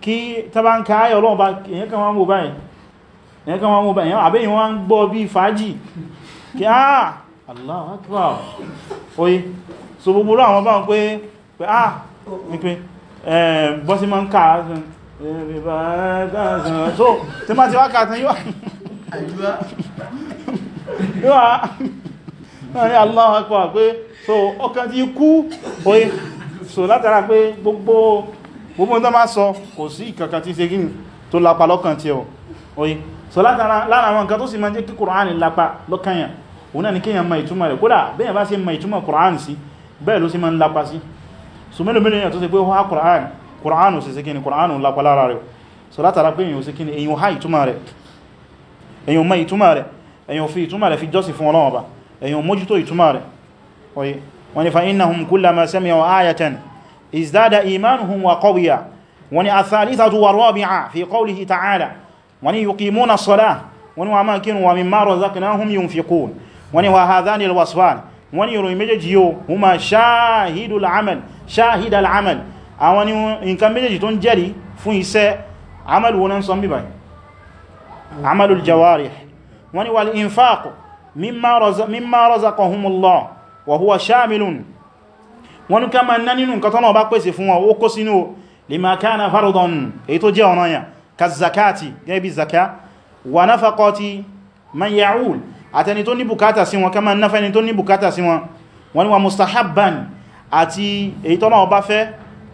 kí tàbá ń ká ayọ̀ ọlọ́run bá èyàn kan wọ́n mú báyìí èyàn kan wọ́n mú báyìí àbẹ́ yìí wọ́n ń gbọ́ bí fàájì kí á ah, Allahu Akbar oye so gbogbo rọ àwọn báwọn pé pé á ah, ní pé bọ́sí ma ń ká so tí ma ti wá ká tán yíwá yíwá Allahu Akbar pé so ọkàn ti kú oye so látara pé gbogbo gbogbo tó bá sọ kò sí ìkankan tí ṣe gíní tó lapa lọ́kàn tí ọ oye so látara lára àwọn nǹkan tó sì máa jẹ́ kí Kùránì lapa lọ́kàn yàn òun náà ni kíyàn ma ìtumọ̀ rẹ̀ kódà bẹ́yàn bá ṣe ma ìtumọ̀ Kùránì sí bẹ́ẹ̀ ló sì máa ń lapa so mélòó mélòó yàn tó ṣe pé wá Kùránì Kùránì ò sì ṣe kíni Kùránì ń lapa lára rẹ̀ so látara pé èyàn ò sì kíni èyàn ha ìtumọ̀ rẹ̀ fi ìtumọ̀ rẹ̀ fi jọ́sìn fún Ọlọ́run ọba èyàn mójútó rẹ̀ oye wani wọ́n kula ma sami wa ayatan izdada imanuhum wa qawiya wọ́n ni athalithatu wa rabi'a fi qawlihi ta'ala wọ́n ni na as wani wa makin wa min maro wa mimma razaqnahum yunfiqun wọ́n wani wa hadhani al-wasfan wọ́n ni ìròyìn méjèèjì huma shahidul amal shahidul amal a wani in kan tó ń jari fún iṣẹ́ amal wunan ń sọ amalul jawari wani wal infaq mimma razaqahumullah wa huwa shamilun wọn ká ma ná nínú nǹkan tọ́nà bá pèsè fún wọn ó kó sínú lima kana farudan èyí tó jẹ́ ọ̀nà yà ka zakati gẹ́gẹ́ bí zaka wa nafaqati man ya'ul àtẹni tó ní bùkátà sí wọn kama náfẹ́ ni tó ní bùkátà sí wọn wọn wa mustahabban àti èyí tọ́nà bá fẹ́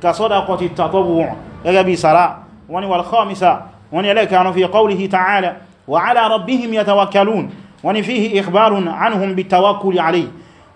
ka sadaqati tatawwu' gẹ́gẹ́ bí sara wọn ni wal khamisa wọn ni ẹlẹ́kanu fi qawlihi ta'ala wa ala rabbihim yatawakkalun wọn ni fihi ikhbarun anhum bitawakkuli alayhi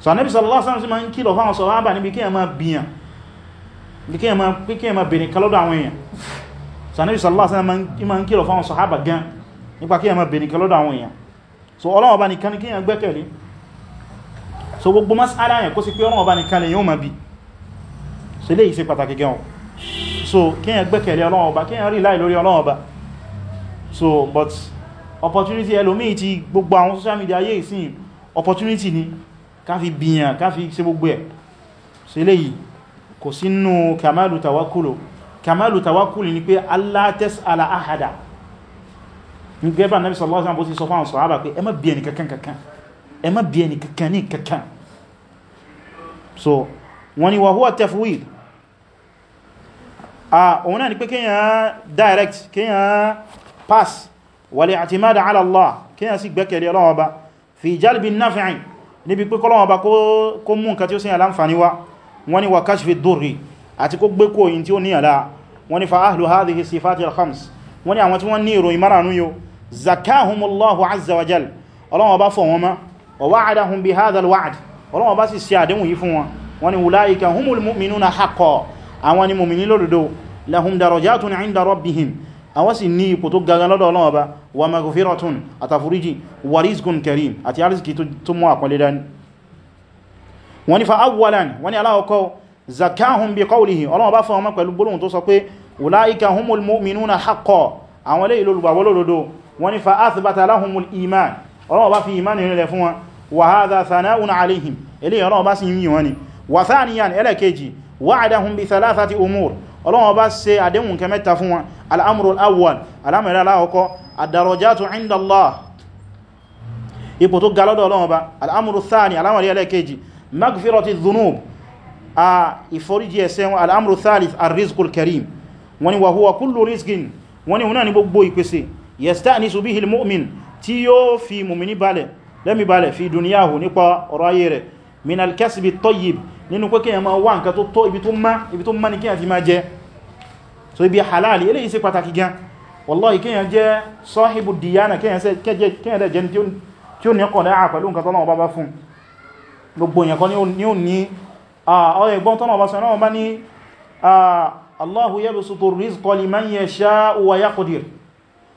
so anabi sallallahu alaihi wasallam sì máa ń kìlọ̀ fáwọn sọ̀hábà níbi kí ẹ máa bìyàn bí kí ẹ máa pé kí so anabi sallallahu alaihi wasallam máa ń kìlọ̀ fáwọn sọ̀hábà gan nípa kí ẹ máa bèèrè kalọ́dọ̀ àwọn so Ọlọ́run Ọba nìkan ni kí ẹ gbẹ́kẹ̀lé so gbogbo masala yẹn kó sí pé Ọlọ́run Ọba nìkan lè yóò máa bi so eléyìí ṣe pàtàkì gan o so kí ẹ gbẹ́kẹ̀lé Ọlọ́run Ọba kí ẹ rí láì lórí Ọlọ́run Ọba so but opportunity ẹlòmíì ti gbogbo àwọn social media ayé ìsìn opportunity ni káfi bìyàn káfi sí gbogbo ẹ̀ sí léyìí kò sínú kamalu tawakulu kamalu tawakulu ni pé Allah tas'ala ahada ní gẹ́bà Nabi sallallahu alaihi wasallam bó ti sọ fáwọn sọ̀hábà pé ẹ má ẹni kankan kankan ẹ má ẹni kankan ní kankan so wọ́n ni wa huwa tafwid a òun náà ni pé kíyàn direct kíyàn pass wal i'timad ala Allah kíyàn sì gbẹ́kẹ̀lẹ̀ ọlọ́wọ́ ba fi jalbi naf'in níbi pé kọ́lọ́wọ́n bá kó mú nǹkan tí ó síyàn láǹfàní wá wọ́n ni wa kashfi durri àti kó gbé kòyìn tí ó níyàn láà wọ́n ni fa ahlu hadhihi sifati al-khams wọ́n ni àwọn tí wọ́n ní ìròyìn márànú yóò zakahumullahu azza wa jal ọlọ́wọ́n bá fọ̀ wọn ma wa wa'adahum bi hadha àwọn sì ní ipò tó gagan lọ́dọ̀ Ọlọ́run Ọba wa maghfiratun àtàforíjì wa rizqun karim àti arziki tó mọ́ àpọ̀lẹ̀ dání wọ́n ni fa awwalan wọ́n ni aláhọ́kọ́ zakahum bi qawlihi Ọlọ́run Ọba fún ọmọ pẹ̀lú gbólóhùn tó sọ pé ulaika humul mu'minuna haqqan àwọn lè olùgbàwọ́ lódodo wọ́n ni fa athbata lahumul iman Ọlọ́run Ọba fi iman rẹ̀ fún wọn wa ọlọ́wọ́n bá ṣe àdéhùn kẹ mẹ́ta fún wọn al'amuru al'awwal alamẹ́rẹ́ aláwọ̀kọ́ ad-darajatu inda Allah ipò tó ga lọ́dọ̀ ọlọ́wọ́n bá al'amuru thani alamẹ́rẹ́ ẹlẹ́kejì magfirati dhunub a ìforíjì ẹ̀ṣẹ̀ wọn al'amuru thalith ar-rizqul karim wani wa huwa kullu rizqin wani wuna ni gbogbo ìpèsè yasta'nisu bihi al-mu'min tí yóò fi mumini balẹ̀ lẹ́mi nínú pé kíyàn máa wá nǹkan tó tó ibi tó má ibi tó má ní kíyàn ti máa jẹ so ibi halali eléyìí ṣe pàtàkì gan wallahi kíyàn jẹ́ sọ́hìbù dìyànà kíyàn dẹ̀ jẹ́ tí ó ní ọkọ̀ dáa pẹ̀lú nǹkan tọ́lọ́wọ́ bá bá fún gbogbo èèyàn kan ni ó ní ọ̀rọ̀ ìgbọ́n tọ́lọ́wọ́ bá sọ náà bá ní Allahu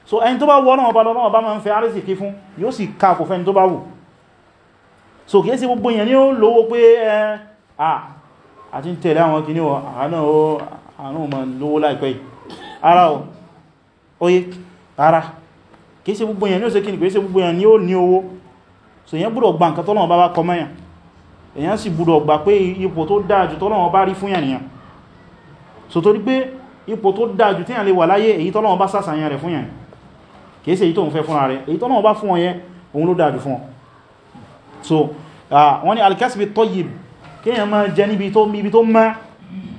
so ẹni tó bá wọ́n náà bá lọ́nà bá máa ń fẹ́ so kìí sí gbogbo èèyàn ni àti tẹ̀lé àwọn kìíní wọ àánú ma lówó láìpẹ́ ara o oye ara kìí ṣe gbogbo èèyàn ní ó ṣe kìíní kìí ṣe gbogbo èèyàn ní ó ní owó so èèyàn gbọ́dọ̀ gba nǹkan tọ́lọ́wọ́ bá bá kọ mẹ́yàn èèyàn sì gbọ́dọ̀ gbà pé ipò tó dáa jù tọ́lọ́wọ́ bá rí fún yànìyàn so torí pé ipò tó dáa jù tíyàn lè wà láyé èyí tọ́lọ́wọ́ bá sàṣàyàn rẹ̀ fún yàn kìí ṣe èyí tó ń fẹ́ fúnra rẹ̀ èyí tọ́lọ́wọ́ bá fún ọ kíyàn máa jẹ níbi tó níbi tó mẹ́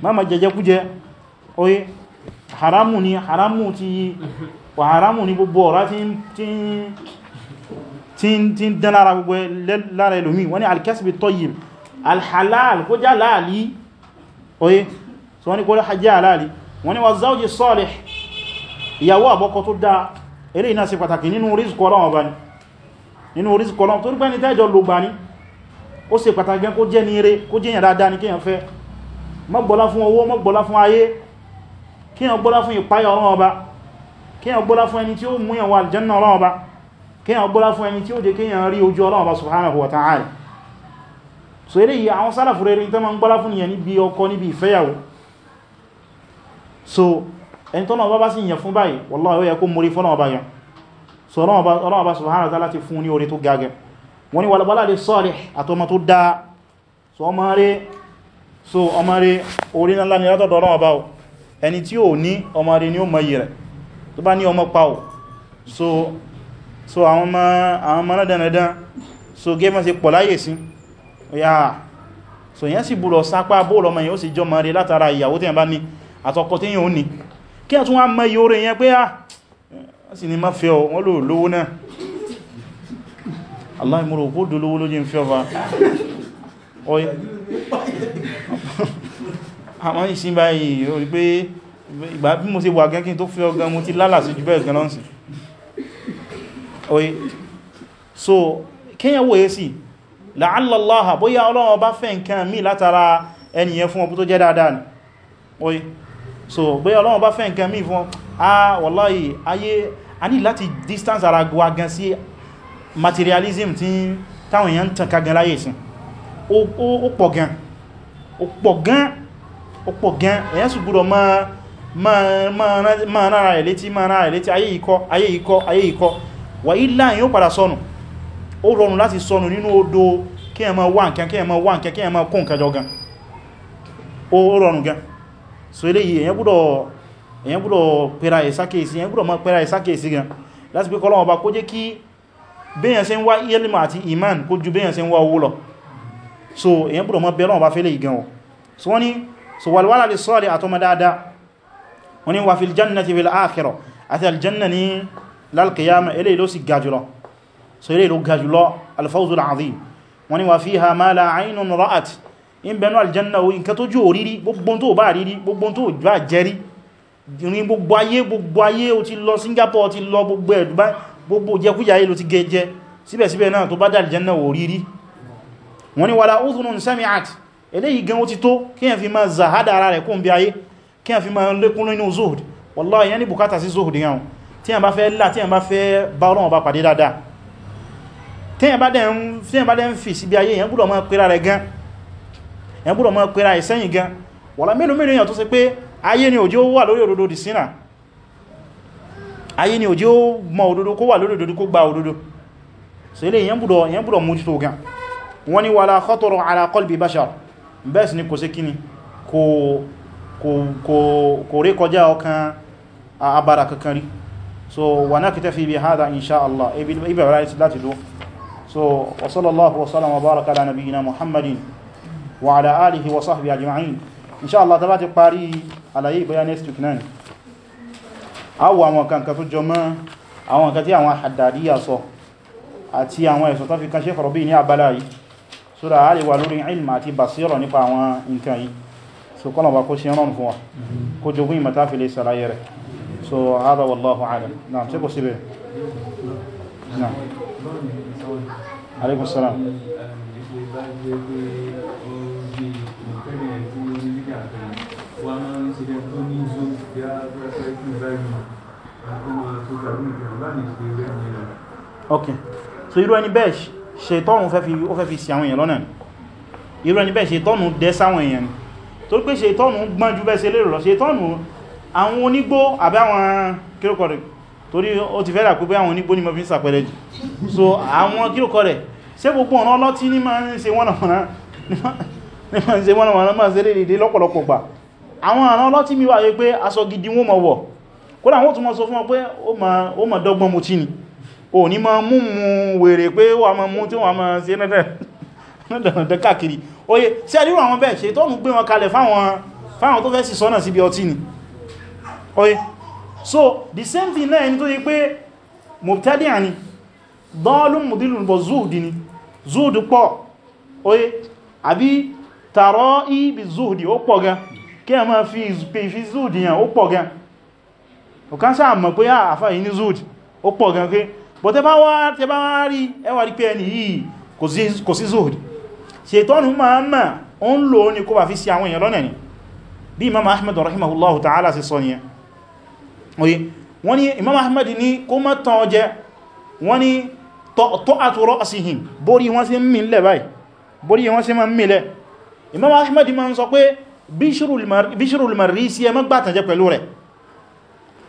máa ma jẹjẹ kújẹ oye haramu ni haramu ti wà haramu ni gbogbo ọ̀rá tí ń dán lára gbogbo lára ẹlòmí wọ́n ni alkesbi tayyib alhalal kó já láàlì oye so wọ́n ni kó já láàlì wọ́n ni wà záwọ́jì salih ìyàwó àbọ́kọ tó dáa eré iná sí pàtàkì nínú orí ó ṣe pàtàkì kó jẹ́ ní eré kó jẹ́ yàn dáadáa ní kíyàn fẹ́ má gbọ́lá fún owó má gbọ́lá fún ayé kíyàn gbọ́lá fún ìpáyà Ọlọ́run Ọba kíyàn gbọ́lá fún ẹni tí ó mú yàn wọ aljanna Ọlọ́run Ọba kíyàn gbọ́lá fún ẹni tí ó jẹ́ kíyàn rí ojú Ọlọ́run Ọba subhanahu wa ta'ala so eléyìí àwọn sálàfù rere tó máa ń gbọ́lá fún ìyẹn níbi bá sì fún báyìí wallahi wọ́n ni wàlàbálà lè sọ́rẹ̀ àtọmọ tó dáa so ọmọ rẹ̀ so ọmọ rẹ̀ orí ńlá ni látọ̀dọ̀ ọ̀rọ̀ ọba o ẹni tí ó ní ọmọ rẹ̀ ni ó mọ̀yí rẹ̀ tó bá ní ọmọ pa so so àwọn ọmọ náà so gẹ́mọ́ sí pọ̀láyè sí so yẹn sì búrọ̀ sápá bóòlù ọmọ yẹn ó sì jọ mọ̀ rẹ̀ látara ìyàwó tí yẹn bá ní àtọkọ tí yẹn ah, ó Allah ìmúrò kó dolówó ló jí ń fi ọba ọyí àmọ́ ìsin báyìí orí pé ìgbà bí mo ṣe wà gẹ́gẹ́ tó fi ọgán mo ti lálàsí jù bẹ́ẹ̀ gan-an sí ọyí so kíyàn wòye sí la'alla Allah bóyá Ọlọ́run bá fẹ́ nǹkan mí látara ẹniyàn fún ọbú tó jẹ́ dáadáa ni ọyí so bóyá Ọlọ́run bá fẹ́ nǹkan mí fún ah wallahi ayé a ní láti distance ara gwa gan sí materialism tí táwọn èèyàn ń tàn kagan láyé sí ó pọ̀ gan ó pọ̀ gan ó sì gbọ́dọ̀ máa nára rẹ̀ létí máa nára rẹ̀ létí ayé ikọ́ ayé ikọ́ ayé ikọ́ wà ílá padà sọnù ó rọrùn láti sọnù nínú odò kí ẹ bẹ́yàn ṣe ń wá ilmà àti iman kó ju bẹ́yàn ṣe ń wá owó lọ so èyàn búrò mọ́ bẹ́lọ́wọ́ bá fẹ́lẹ̀ ìgan ọ̀ so wọ́n ni so walwala lè sọ́ọ̀lẹ̀ àtọmọ dáadáa wọ́n ni wà fi aljanna ti fi al'akhirọ̀ àti aljanna ni lálkìyàmà ilé ló sì gajulọ so ilé ló gajulọ alfawzu al'azim wọ́n ni wà fi ha ma la ainun ra'at in bẹnu aljanna o in ka tó jò rírí gbogbo tó bá rírí gbogbo tó bá jẹrí gbogbo ayé gbogbo ayé o ti lọ Singapore ti lọ gbogbo ẹ̀ gbogbo jẹkújà yìí ló ti gẹjẹ síbẹ̀síbẹ̀ náà tó bá dà Janna wò rírí wọ́n ni wàlá udhunun sami'at eléyìí gan ó ti tó kí yẹn fi máa zàhádà ara rẹ̀ kún bí ayé kí yẹn fi máa lékún nínú zuhud wallahi yẹn ní bùkátà sí zuhud yẹn tí yẹn bá fẹ́ lá tí yẹn bá fẹ́ bá Ọlọ́run bá pàdé dáadáa tí yẹn ayé ni òjí ó mọ òdodo kó wà lórí òdodo kó gba òdodo so ilé èyàn búdọ̀ èyàn búdọ̀ mú títò gan wọ́n ni wala khatara ala qalbi bashar bẹ́ẹ̀ sì ni kò sí kíni kò rí kọjá ọkàn abára kankan rí so wa naktafi bi hadha insha Allah ibi ọ̀rá láti so wa sallallahu wa sallam wa baraka ala nabiyyina muhammadin wa ala alihi wa sahbihi ajma'in insha Allah ta bá ti awọ àwọn kankan tó jọ mọ́ àwọn kan tí àwọn Haddadiyya sọ àti àwọn ẹ̀sùn tó fi kan Sheikh Rabi ní abala yìí sódà a lè wà lórí ilm àti basira nípa àwọn nǹkan yìí so kọ́nà bá kó ṣe rán fún wa kó jogún ìmọ̀ta fi lè sàlàyé rẹ̀ so hada wallahu alam ok so irú ẹni bẹ́ẹ̀ ṣètọ́nù ó fẹ́ fi sí àwọn èèyàn lọ́nà ni irú ẹni bẹ́ẹ̀ ṣètọ́nù dẹ́ sáwọn èèyàn ni tó pé ṣètọ́nù gbọ́n ju bẹ́ẹ̀ ṣe lérò lọ ṣètọ́nù àwọn onígbó àbí àwọn kírókọ rẹ̀ torí ó ti fẹ́ dà pé àwọn onígbó ni mo fi ń sàpẹrẹ so àwọn kírókọ rẹ̀ ṣé gbogbo ọ̀nà ọlọ́tí ní máa ń ṣe wọ́nà wọ́nà ní máa ń ṣe wọ́nà wọ́nà máa ṣe lédèdè lọ́pọ̀lọpọ̀ gbà àwọn àrán ọlọ́tí mi wà wípé aṣọ gidi wọ́n mọ̀ wọ̀ kódà wọ́n tún mọ́ sọ fún ọ pé ó mọ̀ dọ́gbọ́n mo tí ni o ní ma mú mú wèrè pé wà ma mú tí wà ma ṣe nẹ́dẹ̀ẹ́dẹ̀ káàkiri oye sí àdírò àwọn bẹ́ẹ̀ ṣe tọ́nù gbé wọn kalẹ̀ fáwọn tó fẹ́ sì sọ́nà síbi ọtí ni oye so the same thing náà ẹni tó yí pé mubtadi'a ni dọ́ọ̀lùn mudilun bọ̀ ni zuhdi pọ̀ oye àbí tààrọ ibi zuhdi ó pọ̀ gan kí ẹ máa fi fi zuhdi yàn ó pọ̀ gan ọ̀kan sáà mọ̀ pé ah, àfáà yìí ní zuhdi ó pọ̀ gan pé bọ̀ tẹ bá wá tẹ bá wá rí ẹwà rí pé ẹni yìí kò sí zuhud ṣètọ́nù máa mọ̀ ó ń lò ní kó bá fi sí àwọn èèyàn lọ́nà ni bí imam ahmed rahimahullahu ta'ala sí sọ ni oye wọ́n ni imam ahmed ní kó mọ́ tán ọjẹ́ wọ́n ni tó àtúrọ́ asìhìn borí wọ́n sí mílẹ̀ báyìí borí wọ́n sí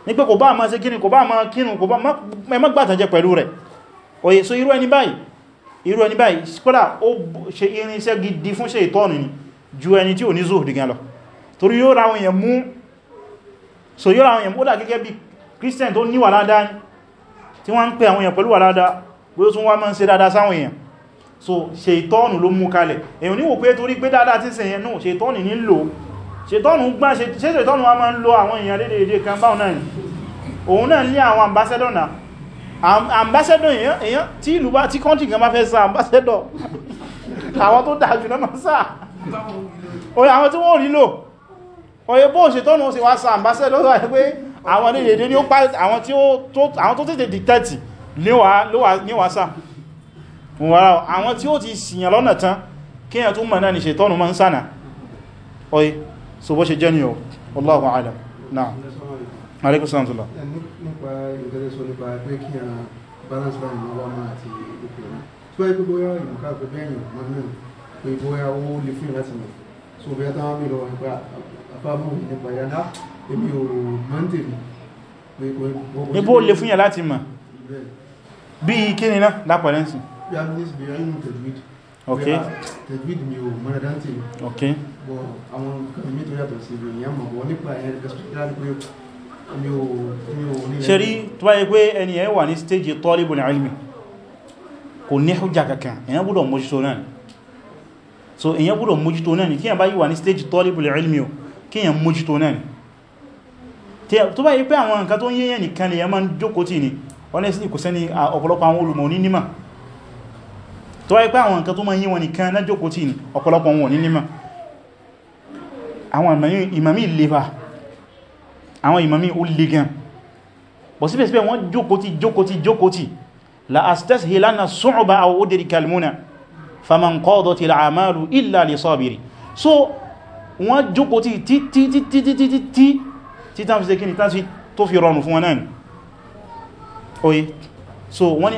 ní pé kò bá máa ṣe kíni kò bá máa kínú kò bá má gbàtànjẹ pẹ̀lú rẹ̀ oye so irú ẹni báyìí irú ẹni báyìí kódà ó ṣe irinṣẹ́ gidi fún ṣe ìtọ́nù ni ju ẹni tí ò ní zuhud gan lọ so yóò ra àwọn èèyàn mú ó dà gẹ́gẹ́ bí christian tó ní wà ládàá tí wọ́n ń pè àwọn èèyàn pẹ̀lú wà ládàá bó tún wá máa ń ṣe dáadáa sáwọn èèyàn so ṣe ìtọ́nù ló mú kalẹ̀ èèyàn níwò pé torí pé dáadáa ṣètọ́nù gbá ṣètọ́nù wa máa ń lo àwọn èèyàn lédè èdè kan báwọn náà ni òun náà ní àwọn ambassador náà ambassador èèyàn tí ìlú bá tí country kan bá fẹ́ sá ambassador àwọn tó dájú náà máa sá oye àwọn tí wọ́n rí lò oye bó ṣètọ́nù ó sì wá sá ambassador wà pé àwọn lédè èdè ní ó pa àwọn tó tètè dìtẹ́tì ní wà sá àwọn tí ó ti sìyàn lọ́nà tán kíyàn tó mọ̀ náà ni ṣètọ́nù máa ń sánà oye so bó ṣe jẹ́ ni o wallahu alam náà alaikum salam tula nípa ìgbẹ́lẹ́sọ nípa pé kí a balance by ìmọ̀ ọmọ àti ìpè rẹ̀ tó wáyé pé bóyá ìmọ̀ká pé bẹ́yìn mọ́nà pé bóyá ó lè fún ìrántí mọ̀ so bóyá táwọn mi lọ nípa àbámọ̀ nípa ìyáná èmi ò mọ́ntè mi níbo lè fún yà mọ̀ bọ̀ àwọn nǹkan ìmí tó yàtọ̀ sí ìròyìn àmọ̀ bọ̀ nípa ẹ̀yẹn gastrophilia pé omi ò ní ṣe rí tó bá pé ẹni ẹ̀ wà ní stage talibul ilmi kò ní hujja kankan èyàn gbọ́dọ̀ mójútó náà ni so èyàn gbọ́dọ̀ mójútó náà ni kíyàn bá yí wà ní stage talibul ilmi o kíyàn mójútó náà ni tó bá yẹ pé àwọn nǹkan tó ń yẹ́yẹ́ nìkan ni ẹ máa ń jókòó tì ní honestly kò sẹ́ni ọ̀pọ̀lọpọ̀ àwọn olùmọ̀ ní nímọ̀ tó bá yẹ pé àwọn nǹkan tó máa yí wọn nìkan náà tì ní ọ̀pọ̀lọpọ̀ wọn ní nímọ̀ àwọn ìmàmí leva àwọn ìmàmí ó lè gan bọ̀ síbẹ̀síbẹ̀ wọ́n jókòtí jókòtí jókòtí la astashilana su'ba aw udrika almuna faman qadati al'amalu illa li sabiri so wọ́n jókòtí títítítítítítí tí tán fi ṣe kíni tán fi tó fi rọrùn fún wọn náà oye so wọ́n ni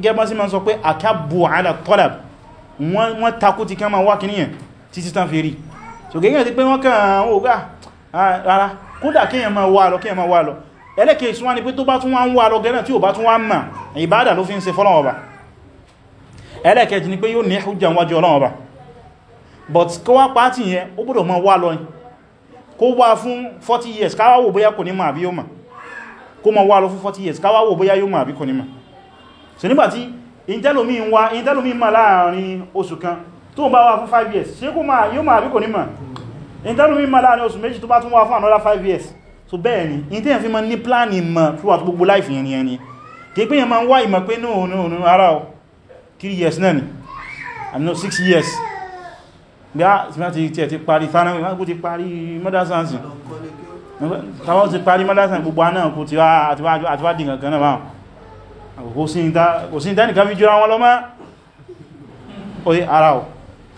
gẹ́gbọ́n sí ma sọ pé akabu ala talab wọ́n takú ti kẹ́ ma wá kíníyàn títí tán fi so gẹ́gẹ́ ti pé wọ́n kàn án ògá ah, ah, rárá kódà kíyàn máa wà lọ kíyàn máa wà lọ ẹlẹ́kẹ̀ẹ́ ìsúnwá ni pé tó bá tún wá ń wà lọ gẹ́nà tí ò bá tún wá ń mà ìbádà ló fi ń ṣe fọ́lọ́wọ́ bá ẹlẹ́kẹ̀ẹ́jì ni pé yóò ní ẹ̀hújà wájú ọlọ́wọ́ bá but kó wá pàtí yẹn ó gbọ́dọ̀ máa wà lọ kó wá fún 40 years káwà wò bóyá kò ní mà àbí yóò mà kó máa wà lọ fún 40 years káwà wò bóyá yóò mà àbí kò ní mà so nígbàtí ìjẹ́lómi ń wá ìjẹ́lómi mà láàrin oṣù kan tó bá wá fún 5 years ṣe kó máa yóò máa bí kò ní mọ̀ ìtẹ́lù mi máa láàrin oṣù méjì tó bá tún wá fún another 5 years so bẹ́ẹ̀ ni ìtẹ́ yẹn fi máa ní pláàni mọ̀ fún àti gbogbo láìfì yẹn yẹn ni kì í pé yẹn máa ń wá ìmọ̀ pé no no no ara o 3 years náà ni i know 6 years bí a ti máa ti ti parí tánàwì wọ́n ti parí mọ́dásánsì tàwọn ti parí mọ́dásánsì gbogbo anáà kò ti wá dì kankan náà kò sí ìdánìkan fi jura wọn lọ mọ́ oye ara o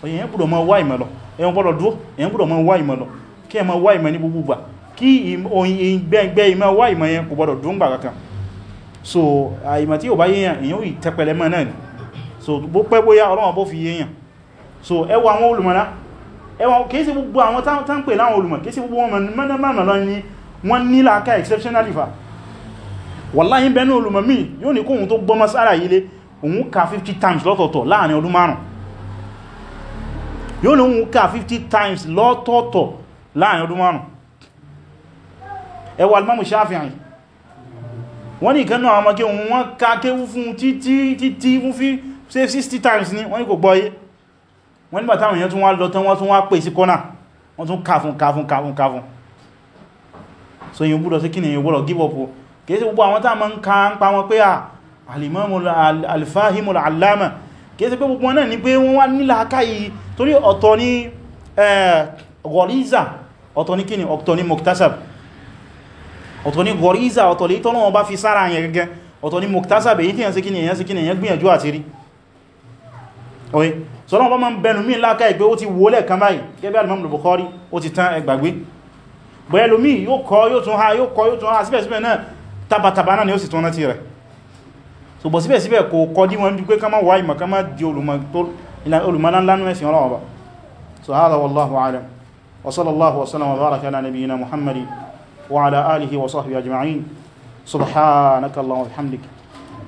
èyàn gbọ́dọ̀ máa wá ìmọ̀ lọ gbọ́dọ̀ dúró èyàn gbọ́dọ̀ máa wá ìmọ̀ kí ẹ máa wá ìmọ̀ ní gbogbo gbà kí ìgbẹ́gbẹ́ ìmọ̀ wá ìmọ̀ yẹn so àìmọ̀ tí ò bá yéèyàn èyàn ò tẹpẹlẹ mọ́ náà ni so bó yóò ní kóhun tó gbọ́mọ́ sára yìí òun ka 50 times lọ́tọ̀ọ̀tọ̀ láàrin ọdún márùn-ún yóò lóun ká 50 times lọ́tọ̀ọ̀tọ̀ láàrin ọdún márùn ẹwà alimamu Shafi'i wọ́n ní ìkẹ́nà àwọn ọmọkẹ́ wọ́n ká kéwú fún títí títí fún fí 60 times ní wọ́n ní kò gbọ́yé wọ́n nígbà táwọn èèyàn tún wá lọ tán wọ́n tún wá pè sí kọ́nà wọ́n tún káfún káfún káfún káfún so yíò búrọ̀ sí kí ni yíò búrọ̀ give up kìí sí gbogbo àwọn táwọn ń ká ń pa wọn pé à ah, alìmọ́mù alfahimul alama kìí ṣe pé gbogbo náà ni pé wọ́n wá nílà akáyí torí ọ̀tọ̀ ni eh, gọ̀ríza ọ̀tọ̀ ni kíni ọ̀tọ̀ ni moktasab ọ̀tọ̀ ni gọ̀ríza ọ̀tọ̀ lè tọ́nà wọn bá fi sára yẹn gẹ́gẹ́ ọ̀tọ̀ ni moktasab èyí tí yẹn sí kíni èyàn sí kíni èyàn gbìyànjú àti rí oye sọ́nà wọ́n máa ń bẹnu mí láká ìgbé ó ti wọlé kan báyìí gẹ́gẹ́ alimam Bukhari ó ti tán ẹgbàgbé so bọ̀ síbẹ̀síbẹ̀ kò kọ́ dí wọn bí pé kama wà ìmọ̀ kama di olùmọ̀lánlánú ẹ̀sìn ọlọ́wọ́ ba so hada wallahu alam wa sallallahu wa sallam wa baraka ala nabiyyina muhammadin wa ala alihi wa sahbihi ajma'in subhanaka allahumma wa bihamdik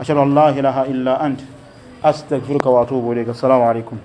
ashhadu an la ilaha illa ant astaghfiruka wa atubu ilayk assalamu alaikum